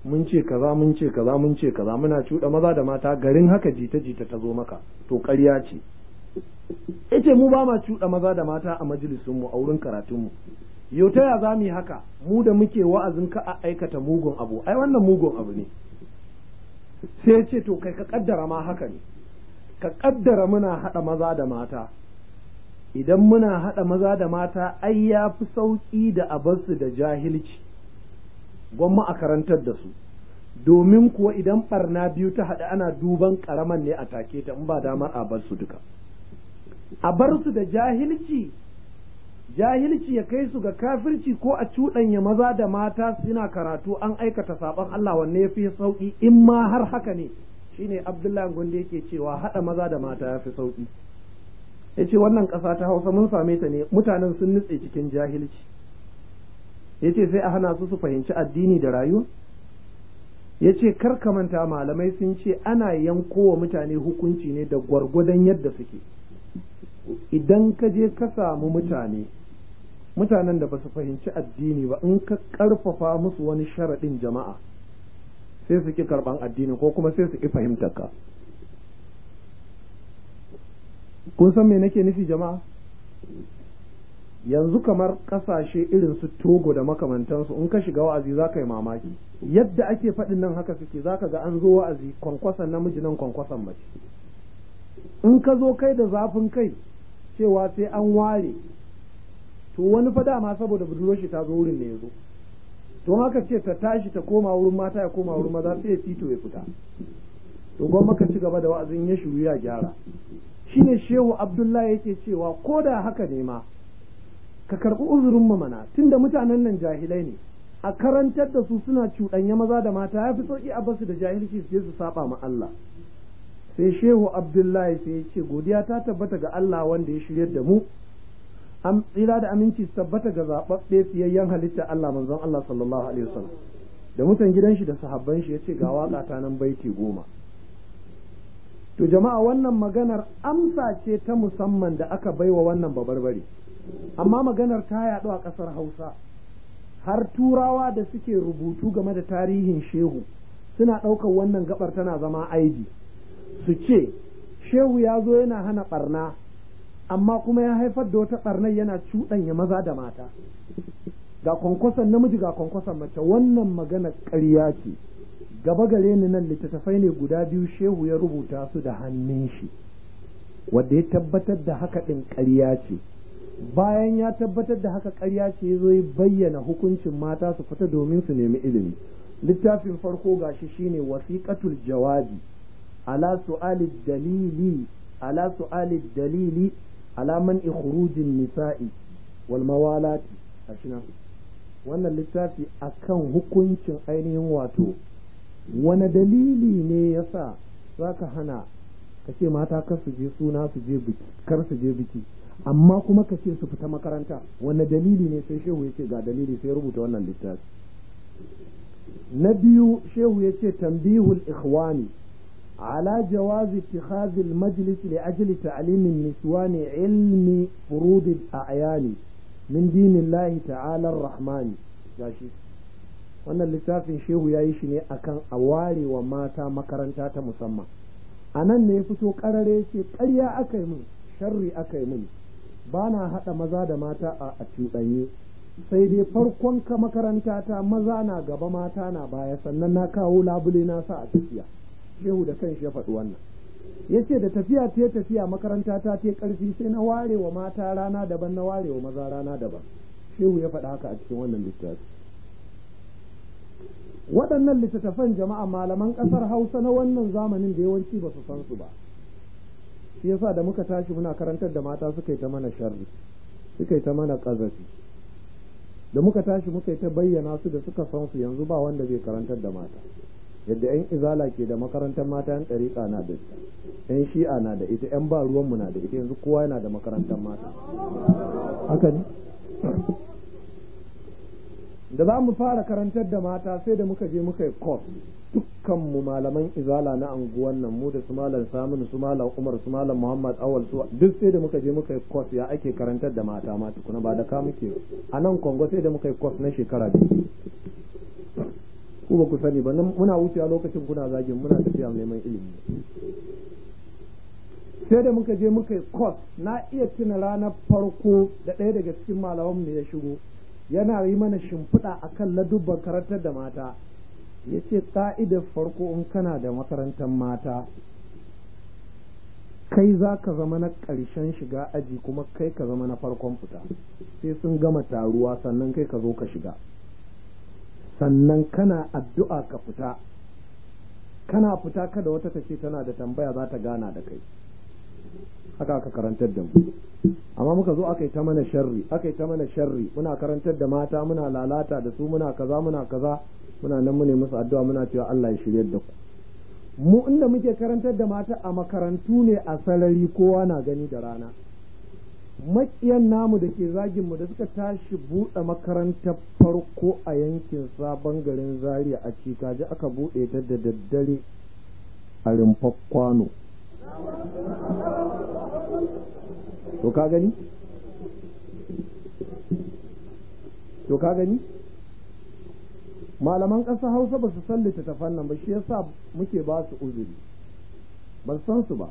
mun ce kaza mun ce kaza mun ce kaza muna cuɗa maza da mata garin haka jita jita ta zo maka to ƙarya ce yace mu ba ma cuɗa maza da mata a majalisun mu a wurin karatun mu yau ta ya zamu haka mu da muke wa'azin ka a aikata mugun abu ai wannan mugun abu ne sai yace to kai ka kaddara ma haka ne ka kaddara muna haɗa maza da mata idan muna haɗa maza da mata ai ya fi sauƙi da a da jahilci gwamma a karantar da su domin kuwa idan barna biyu ta haɗu ana duban ƙaraman ne a take ta in ba damar a bar su duka a bar su da jahilci jahilci ya kai su ga kafirci ko a cuɗanya maza da mata suna karatu an aikata saɓon Allah wanne ya fi sauƙi in ma har haka ne shine Abdullahi Gunde yake cewa haɗa maza da mata ya fi sauƙi ya ce wannan ƙasa ta Hausa mun same ta ne mutanen sun nutse cikin jahilci yace sai a hana su su fahimci addini da rayuwa yace kar ka manta malamai sun ce ana yanko wa mutane hukunci ne da gwargwadon yadda suke idan ka je ka samu mutane mutanen da ba su fahimci addini ba in ka karfafa musu wani sharaɗin jama'a sai su ki karɓan addini ko kuma sai su ki fahimtar ka kun san me nake nufi jama'a yanzu kamar kasashe irin su togo da makamantansu in ka shiga wa'azi za ka yi mamaki yadda ake faɗin nan haka suke za ka ga an zo wa'azi kwankwason namiji nan kwankwasan mace in ka zo kai da zafin kai cewa sai an ware to wani fa dama saboda budurwashi ta zo wurin ne ya zo to haka ce ta tashi ta koma wurin mata ya koma wurin maza sai ya fito ya fita to gwamma ka ci gaba da wa'azin ya shuru ya gyara shine shehu abdullahi yake cewa ko da haka ne ma ka karɓi uzurin mu mana tunda mutanen nan jahilai ne a karantar da su suna cuɗanya maza da mata ya fi sauƙi a basu da jahilci su je su saɓa ma Allah sai shehu abdullahi sai ya ce godiya ta tabbata ga Allah wanda ya shiryar da mu am tsira da aminci su tabbata ga zaɓaɓɓe fiyayyen halitta Allah manzon Allah sallallahu alaihi wasallam da mutan gidan shi da sahabban shi ya ce ga waka ta nan baiti goma to jama'a wannan maganar amsa ce ta musamman da aka baiwa wannan babarbare amma maganar ta yaɗu a ƙasar hausa har turawa da suke rubutu game da tarihin shehu suna ɗaukar wannan gabar tana zama aibi su ce shehu ya zo yana hana ɓarna amma kuma ya haifar da wata ɓarnar yana cuɗanya maza da mata ga kwankwason namiji ga kwankwason mace wannan magana ƙarya ce gaba gare ni nan littattafai ne guda biyu shehu ya rubuta su da hannun shi wanda ya tabbatar da haka ɗin ƙarya ce bayan ya tabbatar da haka karya ce ya zo ya bayyana hukuncin mata su fita domin su nemi ilimi littafin farko ga shi shine wasiqatul jawabi ala su'ali dalili ala su'ali dalili ala man ikhrujin nisa'i wal mawalati ashina wannan littafi akan hukuncin ainihin wato wani dalili ne yasa zaka hana kace mata kar su je suna su je biki kar su je biki amma kuma ka ce su fita makaranta wanne dalili ne sai shehu ya ce ga dalili sai rubuta wannan littafi na biyu shehu ya ce tambihul ikhwani على جواز اتخاذ li لأجل talimin niswani علم فروض الأعيان من دين الله ta'alar rahmani gashi wannan littafin shehu ya yi shi ne akan a ware wa mata makaranta ta musamman a nan ne ya fito ƙarare ce ƙarya aka yi min sharri aka yi mun. ba na haɗa maza da mata a cuɗanye sai dai farkon ka makaranta ta maza na gaba mata na baya sannan na kawo labule na sa a tafiya shehu da kan shi ya faɗi wannan ya ce da tafiya ta tafiya makaranta ta ta ƙarfi sai na ware wa mata rana daban na ware wa maza rana daban shehu ya faɗi haka a cikin wannan littafi waɗannan littattafan jama'a malaman ƙasar hausa na wannan zamanin da yawanci ba su san su ba shi yasa da muka tashi muna karantar da mata suka yi ta mana sharri suka yi ta mana ƙazafi da muka tashi muka yi ta bayyana su da suka san su yanzu ba wanda zai karantar da mata yadda yan izala ke da makarantar mata yan ɗariƙa na da ita yan shi'a na da ita yan ba ruwanmu na da ita yanzu kowa yana da makarantar mata haka ne da za mu fara karantar da mata sai da muka je muka yi dukkan mu malaman izala na anguwan nan mu da su malam saminu su malam umar su malam muhammad awal su duk sai da muka je muka yi kos ya ake karantar da mata ma tukuna ba da ka muke a nan kongo sai da muka yi kos na shekara biyu ku ba ku sani ba muna wucewa lokacin kuna zagin muna tafiya neman ilimi sai da muka je muka yi kos, na iya tuna ranar farko da ɗaya daga cikin malaman mu ya shigo yana yi mana shimfiɗa a kan ladubban karantar da mata ya ce ƙa'idar farko in kana da makarantar mata kai za ka zama na ƙarshen shiga aji kuma kai ka zama na farkon fita sai sun gama taruwa sannan kai ka zo ka shiga sannan kana addu'a ka fita kana fita kada wata ta ce tana da tambaya za ta gana da kai haka aka karantar da mu amma muka zo aka yi ta mana sharri aka yi ta mana sharri muna karantar da mata muna lalata da su muna kaza muna kaza muna nan mune musu addu'a muna cewa Allah ya shirye da ku mu inda muke karantar da mata a makarantu ne a salari kowa na gani da rana makiyan namu da ke zagin mu da suka tashi buɗe makarantar farko a yankin sabon garin zaria a cikaji aka buɗe ta da daddare a rumfar kwano to ka gani to ka gani malaman ƙasa hausa ba su san ta fannan ba shi yasa muke ba su uzuri ba san su ba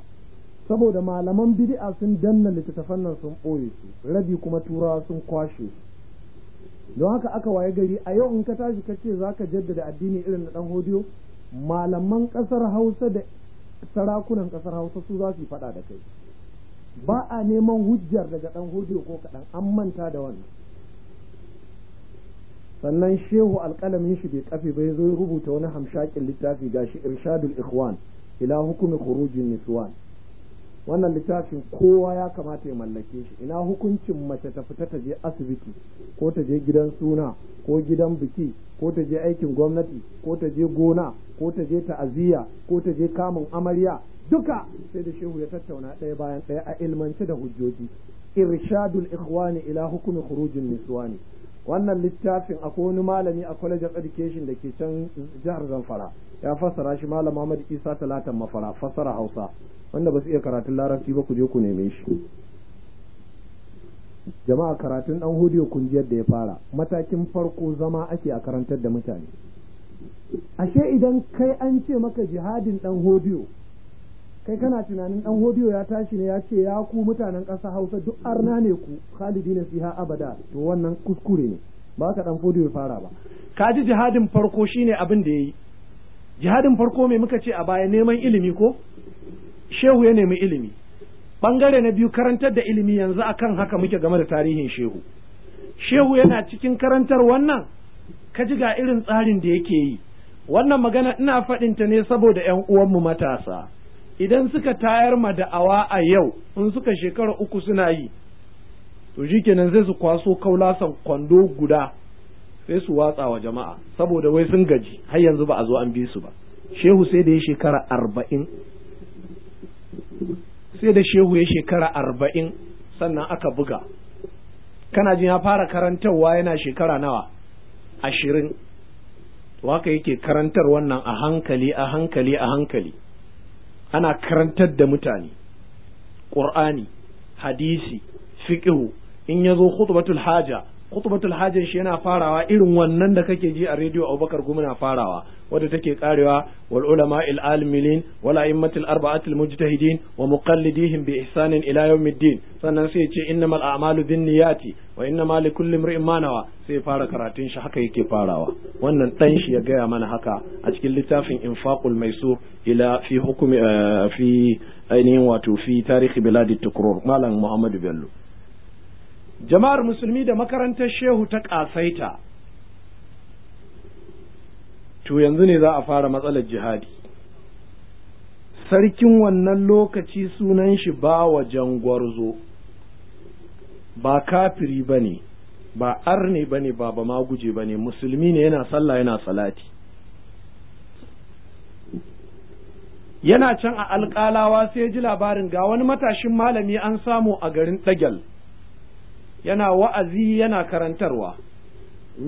saboda malaman bid'a sun danna ta fannan sun ɓoye su rabi kuma turawa sun kwashe su don haka aka waye gari a yau in ka tashi ka ce za ka jaddada addini irin na ɗan hodiyo malaman ƙasar hausa da sarakunan kasar hausa su za su faɗa da kai ba a neman hujjar daga ɗan hudu ko kaɗan an manta da wannan sannan shehu alƙalamin shi bai kafe bai zo rubuta wani hamshakin littafi gashi irshadul ikhwan ila hukumi khurujin niswan wannan littafin kowa ya kamata ya mallake shi ina hukuncin mace ta fita ta je asibiti ko ta je gidan suna ko gidan biki ko ta je aikin gwamnati ko ta je gona ko ta je ta'aziyya ko ta je kamun amarya duka sai da shehu ya tattauna ɗaya bayan ɗaya a ilmance da hujjoji irshadul ikhwani ila hukumi khurujin niswani wannan littafin akwai wani malami a college of education da ke can jihar zamfara ya fassara shi malam Muhammad Isa Talatan Mafara fassara Hausa wanda ba su iya karatun larabci ba ku je ku neme shi jama'a karatun dan hudiyo kungiyar da ya fara matakin farko zama ake a karantar da mutane ashe idan kai an ce maka jihadin dan hudiyo kai kana tunanin dan hodiyo ya tashi ne ya ce ya ku mutanen ƙasa hausa duk arna ne ku khalidi na fiha abada to wannan kuskure ne ba ka dan hodiyo ya fara ba ka ji jihadin farko shine abin da ya yi. jihadin farko mai muka ce a baya neman ilimi ko shehu ya nemi ilimi bangare na biyu karantar da ilimi yanzu akan haka muke game da tarihin shehu shehu yana cikin karantar wannan ka ji ga irin tsarin da yake yi wannan magana ina faɗinta ne saboda 'yan uwanmu matasa idan suka tayar ma da'awa a yau in suka shekara uku suna yi to shikenan zai su kwaso kaulasan kwando guda sai su watsa wa jama'a saboda wai sun gaji har yanzu ba a zo an bi su ba shehu sai da ya shekara arba'in sai da shehu ya shekara arba'in sannan aka buga kana jin ya fara karantarwa yana shekara nawa ashirin waka yake karantar wannan a hankali a hankali a hankali ana karantar da mutane ƙur'ani hadisi fiqhu in yazo khutbatul haja khutbatul hajjin shi yana farawa irin wannan da kake ji a rediyo Abubakar kuma na farawa wadda take karewa wal ulama il alimilin wal a'immatil arba'atul mujtahidin wa muqallidihim bi ihsanin ila yawmiddin sannan sai ce innamal a'malu binniyati wa innamal likulli imrin ma nawa sai fara karatun shi haka yake farawa wannan dan shi ya gaya mana haka a cikin littafin infaqul maisur ila fi hukumi eh, fi ainihin wato fi tarihi biladi tukrur malam muhammadu bello jama'ar musulmi da makarantar shehu ta ƙasaita to yanzu ne za a fara matsalar jihadi sarkin wannan lokaci sunan shi ba wa jangwarzo ba kafiri ba ne ba arne ba ne ba ba maguje ba ne musulmi ne yana sallah yana salati yana can a alƙalawa sai ji labarin ga wani matashin malami an samu a garin ɗagyal yana wa'azi yana karantarwa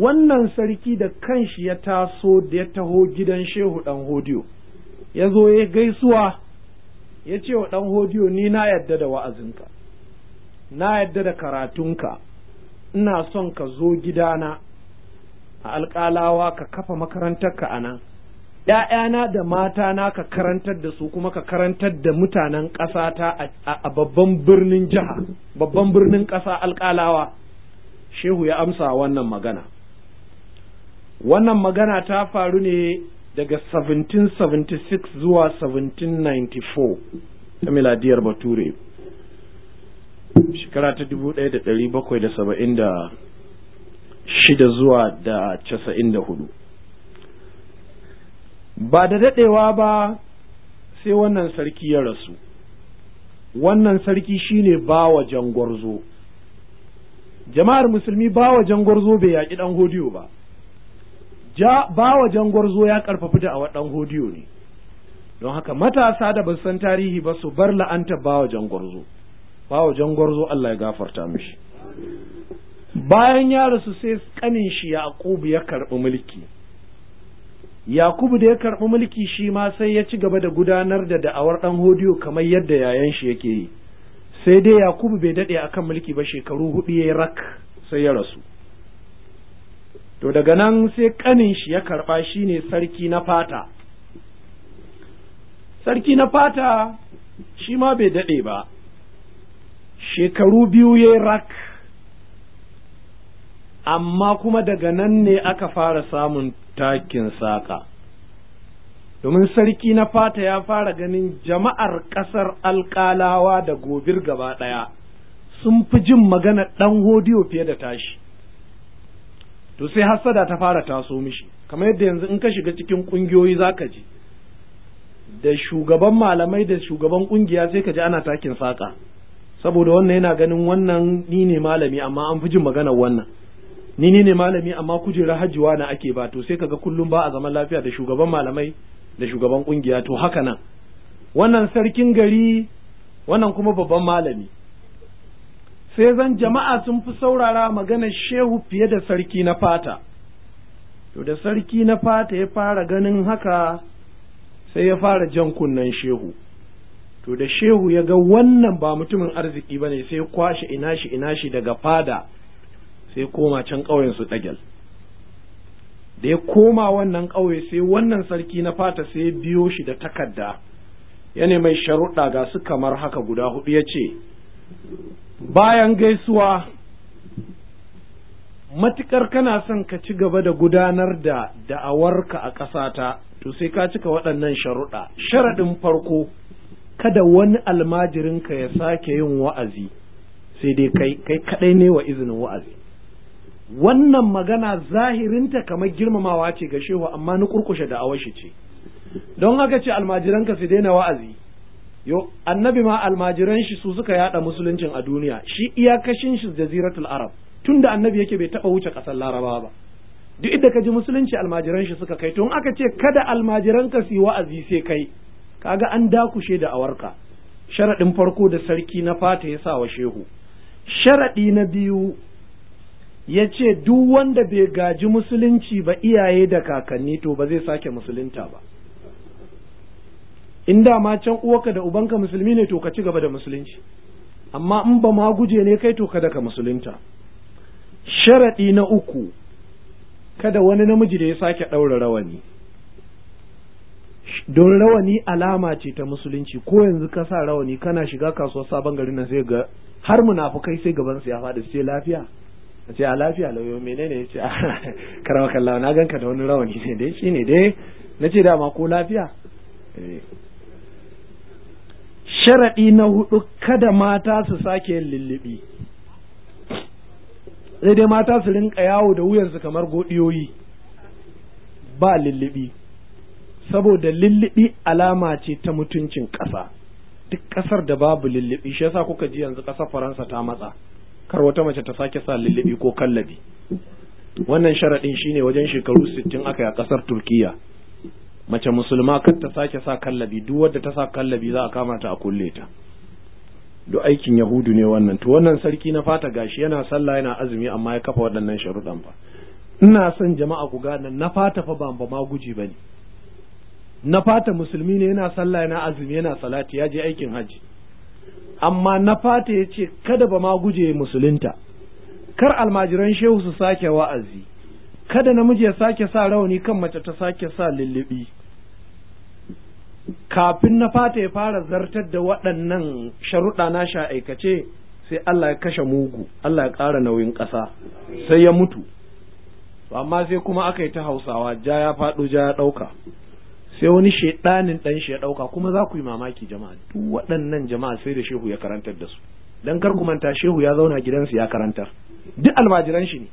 wannan sarki da kanshi ya taso da ya taho gidan shehu ɗan hodiyo ya zo ya gaisuwa ya ce wa ɗan hodiyo ni na yadda da wa'azinka na yadda da karatunka ina son ka zo gidana a alƙalawa ka kafa makarantarka a nan ‘ya'yana da matana ka karantar da su kuma ka karantar da mutanen ƙasa ta a babban birnin jiha, babban birnin ƙasa alƙalawa. Shehu ya amsa wannan magana. Wannan magana ta faru ne daga 1776 zuwa 1794 ta miladiyar Bature. Shekara ta shida zuwa da hudu. ba da daɗewa ba sai wannan sarki ya rasu wannan sarki shine bawa jangwarzo jama'ar musulmi bawa jangwarzo bai yaƙi ɗan hodiyo ba ja bawa jangwarzo ya ƙarfafi da awa ɗan hodiyo ne don haka matasa da ba san tarihi ba su bar la'anta bawa jangwarzo bawa jangwarzo Allah ya gafarta mishi bayan ya rasu sai kanin shi Yaqub ya karɓi mulki yakubu da ya karɓi mulki shi ma sai ya ci gaba da gudanar da da'awar ɗan hodiyo kamar yadda yayan shi yake yi sai dai yakubu bai daɗe a kan mulki ba shekaru huɗu ya rak sai ya rasu to daga nan sai ƙanin shi ya karɓa shi ne sarki na fata sarki na fata shi ma bai daɗe ba shekaru biyu ya rak amma kuma daga nan ne aka fara samun takin saƙa domin sarki na fata ya fara ganin jama'ar ƙasar alƙalawa da gobir gaba ɗaya sun fi jin magana ɗan hodiyo fiye da tashi to sai hassada ta fara taso mishi kamar yadda yanzu in ka shiga cikin ƙungiyoyi za ka ji da shugaban malamai da shugaban ƙungiya sai ka ji ana takin saƙa saboda wannan yana ganin wannan ni ne malami amma an fi jin maganar wannan ni ni ne malami amma kujera hajjiwa na ake ba to sai kaga kullum ba a zaman lafiya da shugaban malamai da shugaban kungiya to haka nan wannan sarkin gari wannan kuma babban malami sai zan jama'a sun fi saurara magana shehu fiye da sarki na fata to da sarki na fata ya fara ganin haka sai ya fara jan kunnen shehu to da shehu ya ga wannan ba mutumin arziki ba ne sai ya kwashe ina shi ina shi daga fada sai koma can ƙauyen su ɗagyal da ya koma wannan ƙauye sai wannan sarki na fata sai biyo shi da takarda ya mai sharuɗa ga su kamar haka guda hudu ya ce bayan gaisuwa matuƙar kana son ka ci gaba da gudanar da da'awarka a ƙasata to sai ka cika waɗannan sharuɗa sharaɗin farko kada wani almajirinka ya sake yin wa'azi sai dai kai kaɗai ne wa izinin wa'azi wannan magana zahirinta kamar girmamawa ce ga shehu amma ni kurkushe da awashi ce don haka ce almajiranka su daina wa'azi yo annabi ma almajiran shi su suka yada musuluncin a duniya shi iyakashin shi jaziratul arab tunda annabi yake bai taba wuce kasar Laraba ba duk inda ka ji musulunci almajiran shi suka kai tun aka ce kada almajiran ka su wa'azi sai kai kaga an dakushe da awarka sharaɗin farko da sarki na fata ya sa wa shehu sharaɗi na biyu ya ce duk wanda bai gaji musulunci ba iyaye da kakanni to ba zai sake musulunta ba in da ma can uwaka da ubanka musulmi ne to ka ci gaba da musulunci amma in ba ma guje ne kai to kada ka musulunta sharaɗi na uku kada wani namiji da ya sake ɗaura rawani don rawani alama ce ta musulunci ko yanzu ka sa rawani kana shiga kasuwar sabon garin nan sai ga har munafukai sai gaban su ya faɗi sai lafiya ce a lafiya lauyo menene ya ce a ah, karawa kallawa na ganka da wani rawani ne dai shi ne dai na ce dama ko lafiya eh. sharaɗi na hudu kada mata su sake yin lullubi sai dai mata su rinka yawo da wuyansu kamar godiyoyi ba lullubi saboda lullubi alama ce ta mutuncin ƙasa duk ƙasar da babu lullubi shi yasa kuka ji yanzu ƙasar faransa ta matsa kar wata mace ta sake sa lullubi ko kallabi wannan sharaɗin shine wajen shekaru 60 aka yi a ƙasar turkiya mace musulma kar ta sake sa kallabi duk wadda ta sa kallabi za a kama ta a kulle ta duk aikin yahudu ne wannan to wannan sarki na fata gashi yana sallah yana azumi amma ya kafa waɗannan sharuɗan fa ina son jama'a ku gane na fata fa ban ba ma guji bane na fata musulmi ne yana sallah yana azumi yana salati ya je aikin haji amma na fata ya ce kada ba ma guje musulunta kar almajiran shehu su sake wa'azi kada namiji ya sake sa rauni kan mace ta sake sa lullubi kafin na fata ya fara zartar da waɗannan sharuɗa na sha aikace sai Allah ya kashe mugu Allah ya ƙara nauyin ƙasa sai ya mutu amma sai kuma aka yi ta hausawa ja ya faɗo ja ya ɗauka sai wani shedanin dan shi ya ɗauka kuma za ku yi mamaki jama'a duk waɗannan jama'a sai da shehu ya karantar da su dan kar ku manta shehu ya zauna gidansu ya karantar duk almajiran shi ne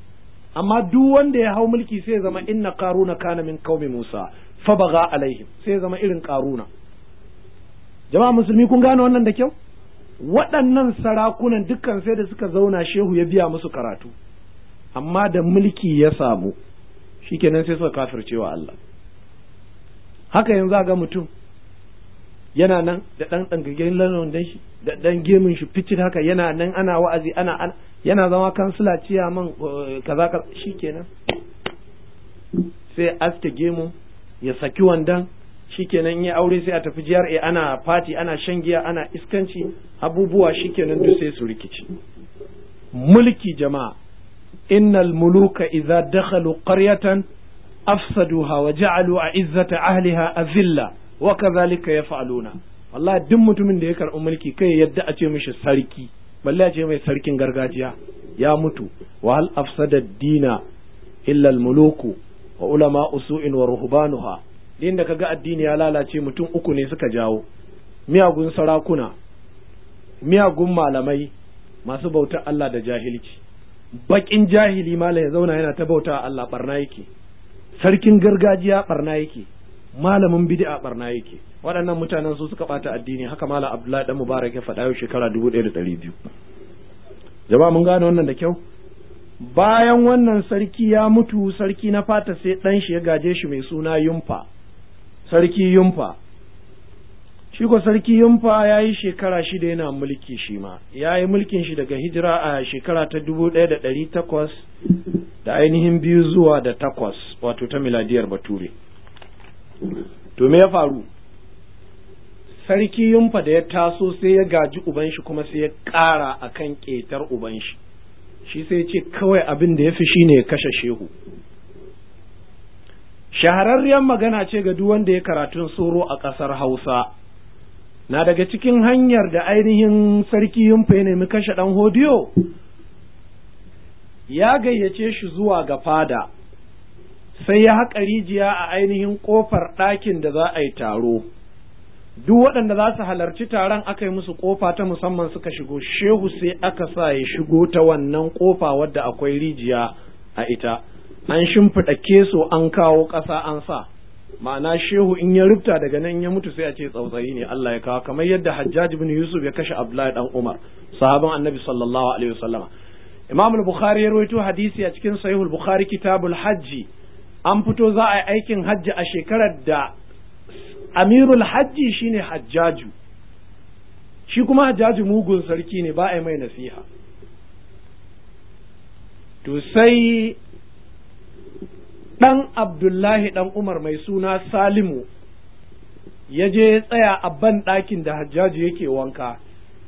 amma duk wanda ya hau mulki sai ya zama inna karuna kana min qaumi musa fa baga alaihim sai ya zama irin karuna jama'a musulmi kun gane wannan da kyau waɗannan sarakunan dukkan sai da suka zauna shehu ya biya musu karatu amma da mulki ya samu shikenan sai suka kafircewa Allah haka yanzu ga mutum yana nan da ɗan ɗangagen lanon shi da ɗan gemin shi fitin haka yana nan ana wa'azi ana yana zama kansila ciya man eh, kaza kaza shi kenan sai aske gemu ya saki wandan shi kenan ya aure sai a tafi GRA ana fati ana shan giya ana iskanci abubuwa shi kenan duk sai su rikici mulki jama'a innal muluka idza dakhalu qaryatan afsaduha wa ja'alu a izzata ahliha azilla wa kazalika yaf'aluna wallahi duk mutumin da ya karɓi mulki kai yadda a ce mishi sarki balle a ce mai sarkin gargajiya ya mutu wa hal afsada dina illa al-muluku wa ulama usu'in wa ruhbanuha din da kaga addini ya lalace mutum uku ne suka jawo miyagun sarakuna miyagun malamai masu bautar Allah da jahilci bakin jahili malam ya zauna yana ta bauta Allah barna yake sarkin gargajiya barna yake malamin bid'a barna yake waɗannan mutanen su suka bata addini haka mala abdullahi dan mubarak ya faɗa yau shekara 1200 jama'a mun gane wannan da kyau bayan wannan sarki ya mutu sarki na fata sai dan shi ya gaje shi mai suna yumfa sarki yumfa shi ko sarki Yunfa ya yi shekara shida yana mulki shi ma ya yi mulkin shi daga hijira a shekara ta dubu ɗaya da ɗari takwas da ainihin biyu zuwa da takwas wato ta miladiyar bature to me ya faru sarki Yunfa da ya taso sai ya gaji uban shi kuma sai ya ƙara akan ƙetar uban shi shi sai ce kawai abin da ya fi shine ya kashe shehu shahararriyar magana ce ga duk wanda ya karatun tsoro a ƙasar hausa na daga cikin hanyar da ainihin sarki yumfa ya nemi kashe ɗan hodiyo ya gayyace shi zuwa ga fada sai ya haƙa rijiya a ainihin ƙofar ɗakin da za a yi taro duk waɗanda za su halarci taron aka yi musu ƙofa ta musamman suka shigo shehu sai aka sa ya shigo ta wannan ƙofa wadda akwai rijiya a ita an shimfiɗa keso an kawo ƙasa an sa ma'ana shehu in ya rubta daga nan ya mutu sai a ce tsautsayi ne Allah ya kawo kamar yadda Hajjaj ibn Yusuf ya kashe Abdullahi dan Umar sahaban Annabi sallallahu alaihi wasallama Imam al-Bukhari ya rawaito hadisi a cikin Sahih al-Bukhari Kitabul Hajji an fito za a yi aikin hajji a shekarar da Amirul Hajji shine Hajjaju shi kuma Hajjaju mugun sarki ne ba a yi mai nasiha to sai ɗan abdullahi ɗan umar mai suna salimu ya je ya tsaya a ban ɗakin da hajjaji yake wanka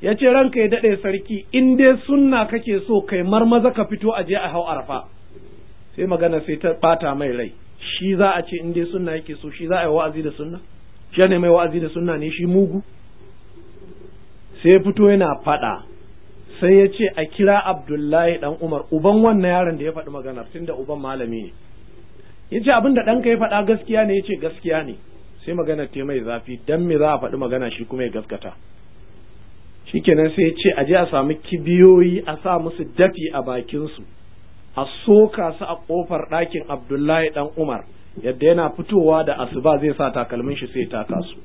ya ce ranka ya daɗe sarki in dai sunna kake so kai marmaza ka fito a je a hau arfa sai magana sai ta ɓata mai rai shi za a ce in dai sunna yake so shi za a yi wa'azi da sunna shi ne mai wa'azi da sunna ne shi mugu sai fito yana faɗa sai ya ce a kira abdullahi ɗan umar uban wannan yaron da ya faɗi maganar tunda uban malami ne ya ce abin da ɗanka ya faɗa gaskiya ne ya ce gaskiya ne sai magana ta mai zafi dan me za a faɗi magana shi kuma ya gaskata shikenan sai ya ce a je a samu kibiyoyi a sa musu dafi a bakinsu a soka su a ƙofar ɗakin abdullahi ɗan umar yadda yana fitowa da asuba zai sa takalmin shi sai taka su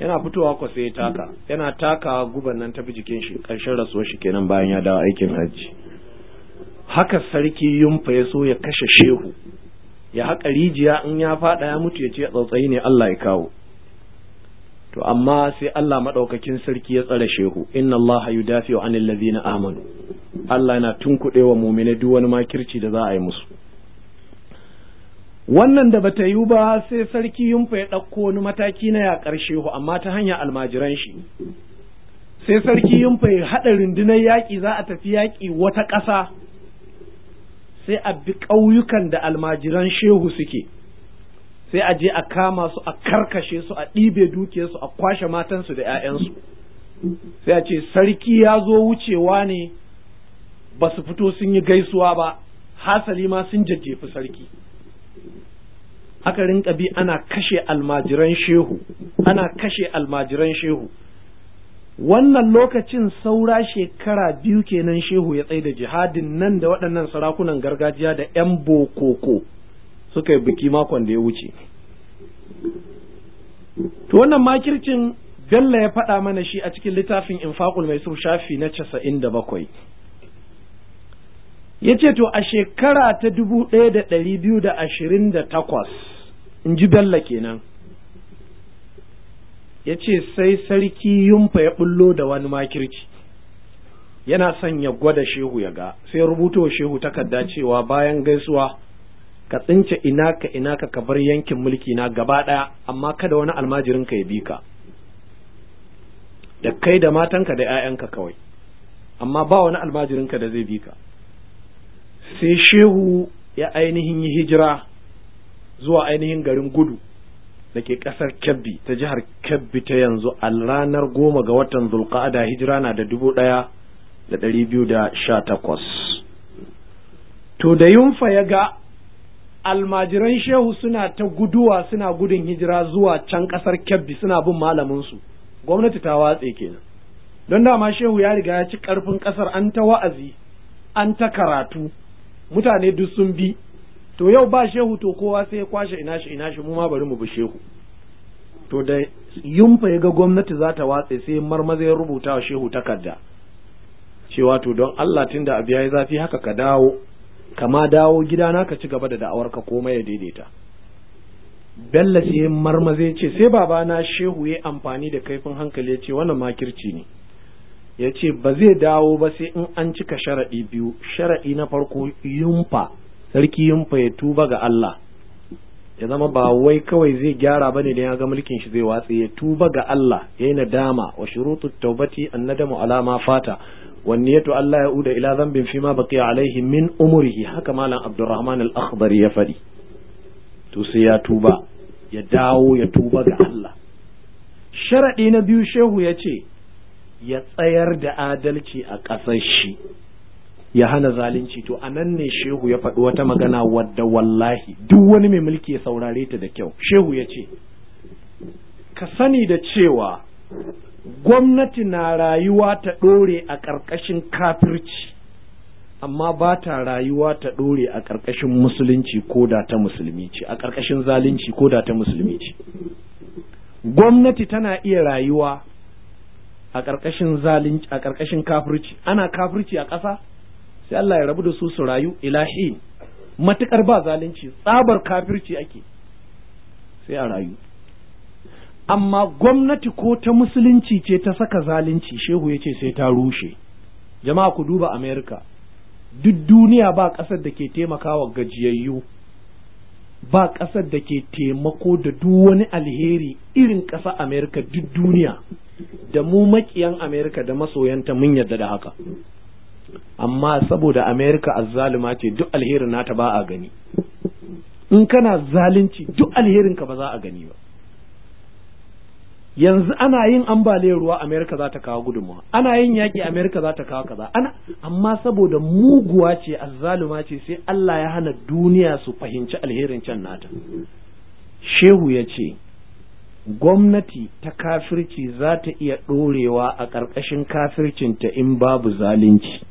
yana fitowa ko sai taka yana taka guban nan tafi jikin shi ƙarshen rasuwar shi kenan bayan ya dawo aikin hajji haka sarki yumfa ya so ya kashe shehu ya haƙa rijiya in ya faɗa ya mutu ya ce tsautsayi ne Allah ya kawo to amma sai Allah maɗaukakin sarki ya tsare shehu inna Allah yudafi'u anil ladina amanu Allah yana tunkuɗe wa mu'mina duk wani makirci da za a yi musu wannan da bata yi ba sai sarki yunfa ya ɗauko wani mataki na yaƙar shehu amma ta hanyar almajiran shi sai sarki yunfa ya haɗa rundunar yaƙi za a tafi yaƙi wata ƙasa sai a bi ƙauyukan da almajiran shehu suke sai a je a kama su a karkashe su a ɗibe dukiyarsu a kwashe matansu da 'ya'yansu sai a ce sarki ya zo wucewa ne ba su fito sun yi gaisuwa ba hasali ma sun jajjefi sarki aka rinka bi ana kashe almajiran shehu ana kashe almajiran shehu wannan lokacin saura shekara biyu kenan shehu ya tsaye da jihadin nan da waɗannan sarakunan gargajiya da 'yan bokoko suka yi biki makon da ya wuce to wannan makircin Bello ya faɗa mana shi a cikin littafin infaqul mai shafi na casa'in da bakwai ya ce to a shekara ta dubu ɗaya da ɗari biyu da ashirin da takwas in ji Bello kenan ya ce sai sarki yumfa ya bullo da wani makirci yana son ya gwada shehu ya ga sai rubuta wa shehu takarda cewa bayan gaisuwa ka tsince ina ka ina ka ka bar yankin mulki na gaba ɗaya amma kada wani almajirin ka ya bi ka da kai da matanka da 'ya'yanka kawai amma ba wani almajirin ka da zai bi ka sai shehu ya ainihin yi hijira zuwa ainihin garin gudu da ke kasar Kebbi ta jihar Kebbi ta yanzu a ranar goma ga watan Zulqa'ada hijira na da dubu ɗaya da ɗari biyu da sha takwas. To da yunfa ya ga almajiran shehu suna ta guduwa suna gudun hijira zuwa can ƙasar Kebbi suna bin malaminsu gwamnati ta watse kenan. Don dama shehu ya riga ya ci ƙarfin ƙasar an ta wa'azi an ta karatu mutane duk sun bi to yau ba shehu to kowa sai ya kwashe ina shi ina shi mu ma bari mu bi shehu to da yumfa ya ga gwamnati za ta watse sai marmaza ya rubuta wa shehu takarda cewa to don Allah tunda abu yayi zafi haka ka dawo kama dawo gidana ka ci gaba da da'awar ka komai ya daidaita Bello sai marmaza ya ce sai babana shehu ya amfani da kaifin hankali ya ce wannan makirci ne ya ce ba zai dawo ba sai in an cika sharaɗi biyu sharaɗi na farko yumfa sarki yunfa ya tuba ga Allah ya zama ba wai kawai zai gyara bane da ya ga mulkin shi zai watse ya tuba ga Allah yayi nadama wa shurutu taubati annadamu ala ma fata wanniyatu Allah ya uda ila zambin fi ma baqiya alaihi min umrihi haka malam Abdurrahman al-Akhdari ya fadi to sai ya tuba ya dawo ya tuba ga Allah sharadi na biyu shehu ya ce ya tsayar da adalci a ƙasar shi ya hana zalunci to anan ne shehu ya faɗi wata magana wadda wallahi duk wani mai mulki ya saurare ta da kyau shehu ya ce ka sani da cewa gwamnati na rayuwa ta ɗore a ƙarƙashin kafirci amma ba ta rayuwa ta ɗore a ƙarƙashin musulunci ko da ta musulmi ce a ƙarƙashin zalunci ko da ta musulmi ce gwamnati tana iya rayuwa a ƙarƙashin a ƙarƙashin kafirci ana kafirci a ƙasa sai Allah ya rabu da su su rayu ilahi matukar ba zalunci tsabar kafirci ake sai a rayu amma gwamnati ko ta musulunci ce ta saka zalunci shehu ya ce sai ta rushe jama'a ku duba america duk duniya ba ƙasar da ke taimakawa gajiyayyu ba ƙasar da ke taimako da duk wani alheri irin ƙasa america duk duniya da mu maƙiyan america da masoyanta mun yarda da haka amma saboda america azzalima ce duk alherin nata ba a gani in kana zalunci duk alherin ba za a gani ba yanzu ana yin ambaliyar ruwa america za ta kawo gudunmawa ana yin yaƙi america za ta kawo kaza ana amma saboda muguwa ce azzaluma ce sai allah ya hana duniya su fahimci alherin can nata shehu ya ce gwamnati ta kafirci za ta iya ɗorewa a ƙarƙashin kafircinta in babu zalunci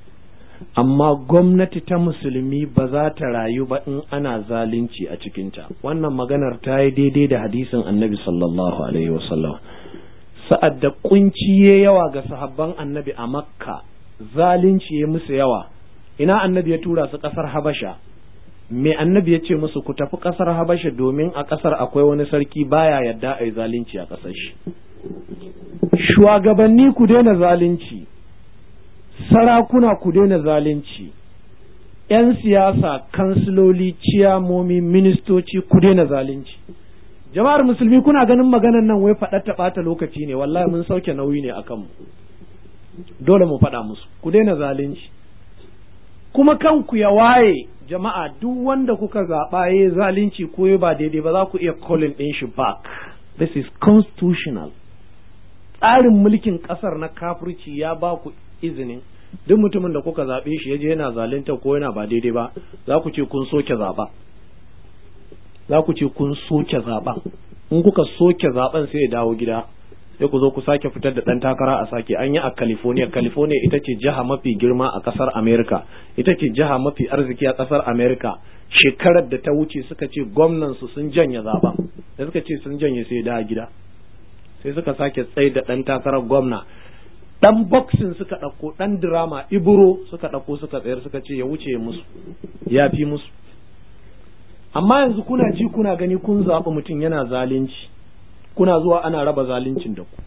amma gwamnati ta musulmi ba za ta rayu ba in ana zalunci a cikinta wannan maganar ta yi daidai da hadisin annabi sallallahu alaihi wasallam sa'ad da kunci ya yawa ga sahabban annabi a makka zalunci ya musu yawa ina annabi ya tura su kasar habasha me annabi ya ce musu ku tafi kasar habasha domin a kasar akwai wani sarki baya yadda a yi zalunci a kasar shi shugabanni ku daina zalunci sarakuna ku daina zalunci ‘yan siyasa kansiloli ciyamomi ministoci ku daina zalunci jama'ar musulmi kuna ganin maganan nan wai faɗa ta ɓata lokaci ne wallahi mun sauke nauyi ne a kanmu dole mu faɗa musu ku daina zalunci kuma kanku ya waye jama'a duk wanda kuka zaɓa ya zalunci ko ba daidai ba za ku iya calling ɗin shi back this is constitutional tsarin mulkin ƙasar na kafirci ya ba ku izinin duk mutumin da kuka zaɓe shi ya je yana zalunta ko yana ba daidai ba za ku ce kun soke zaɓa za ku ce kun soke zaɓa in kuka soke zaɓen sai ya dawo gida sai ku zo ku sake fitar da ɗan takara a sake an yi a california california ita ce jiha mafi girma a ƙasar america ita ce jiha mafi arziki a ƙasar america shekarar da ta wuce suka ce gwamnansu sun janye zaɓa da suka ce sun janye sai dawo gida sai suka sake tsaye da ɗan takarar gwamna dan boxing suka ɗauko dan drama ibro suka ɗauko suka tsayar suka ce ya wuce musu ya fi musu amma yanzu kuna ji kuna gani kun zaɓi mutum yana zalunci kuna zuwa ana raba zaluncin da ku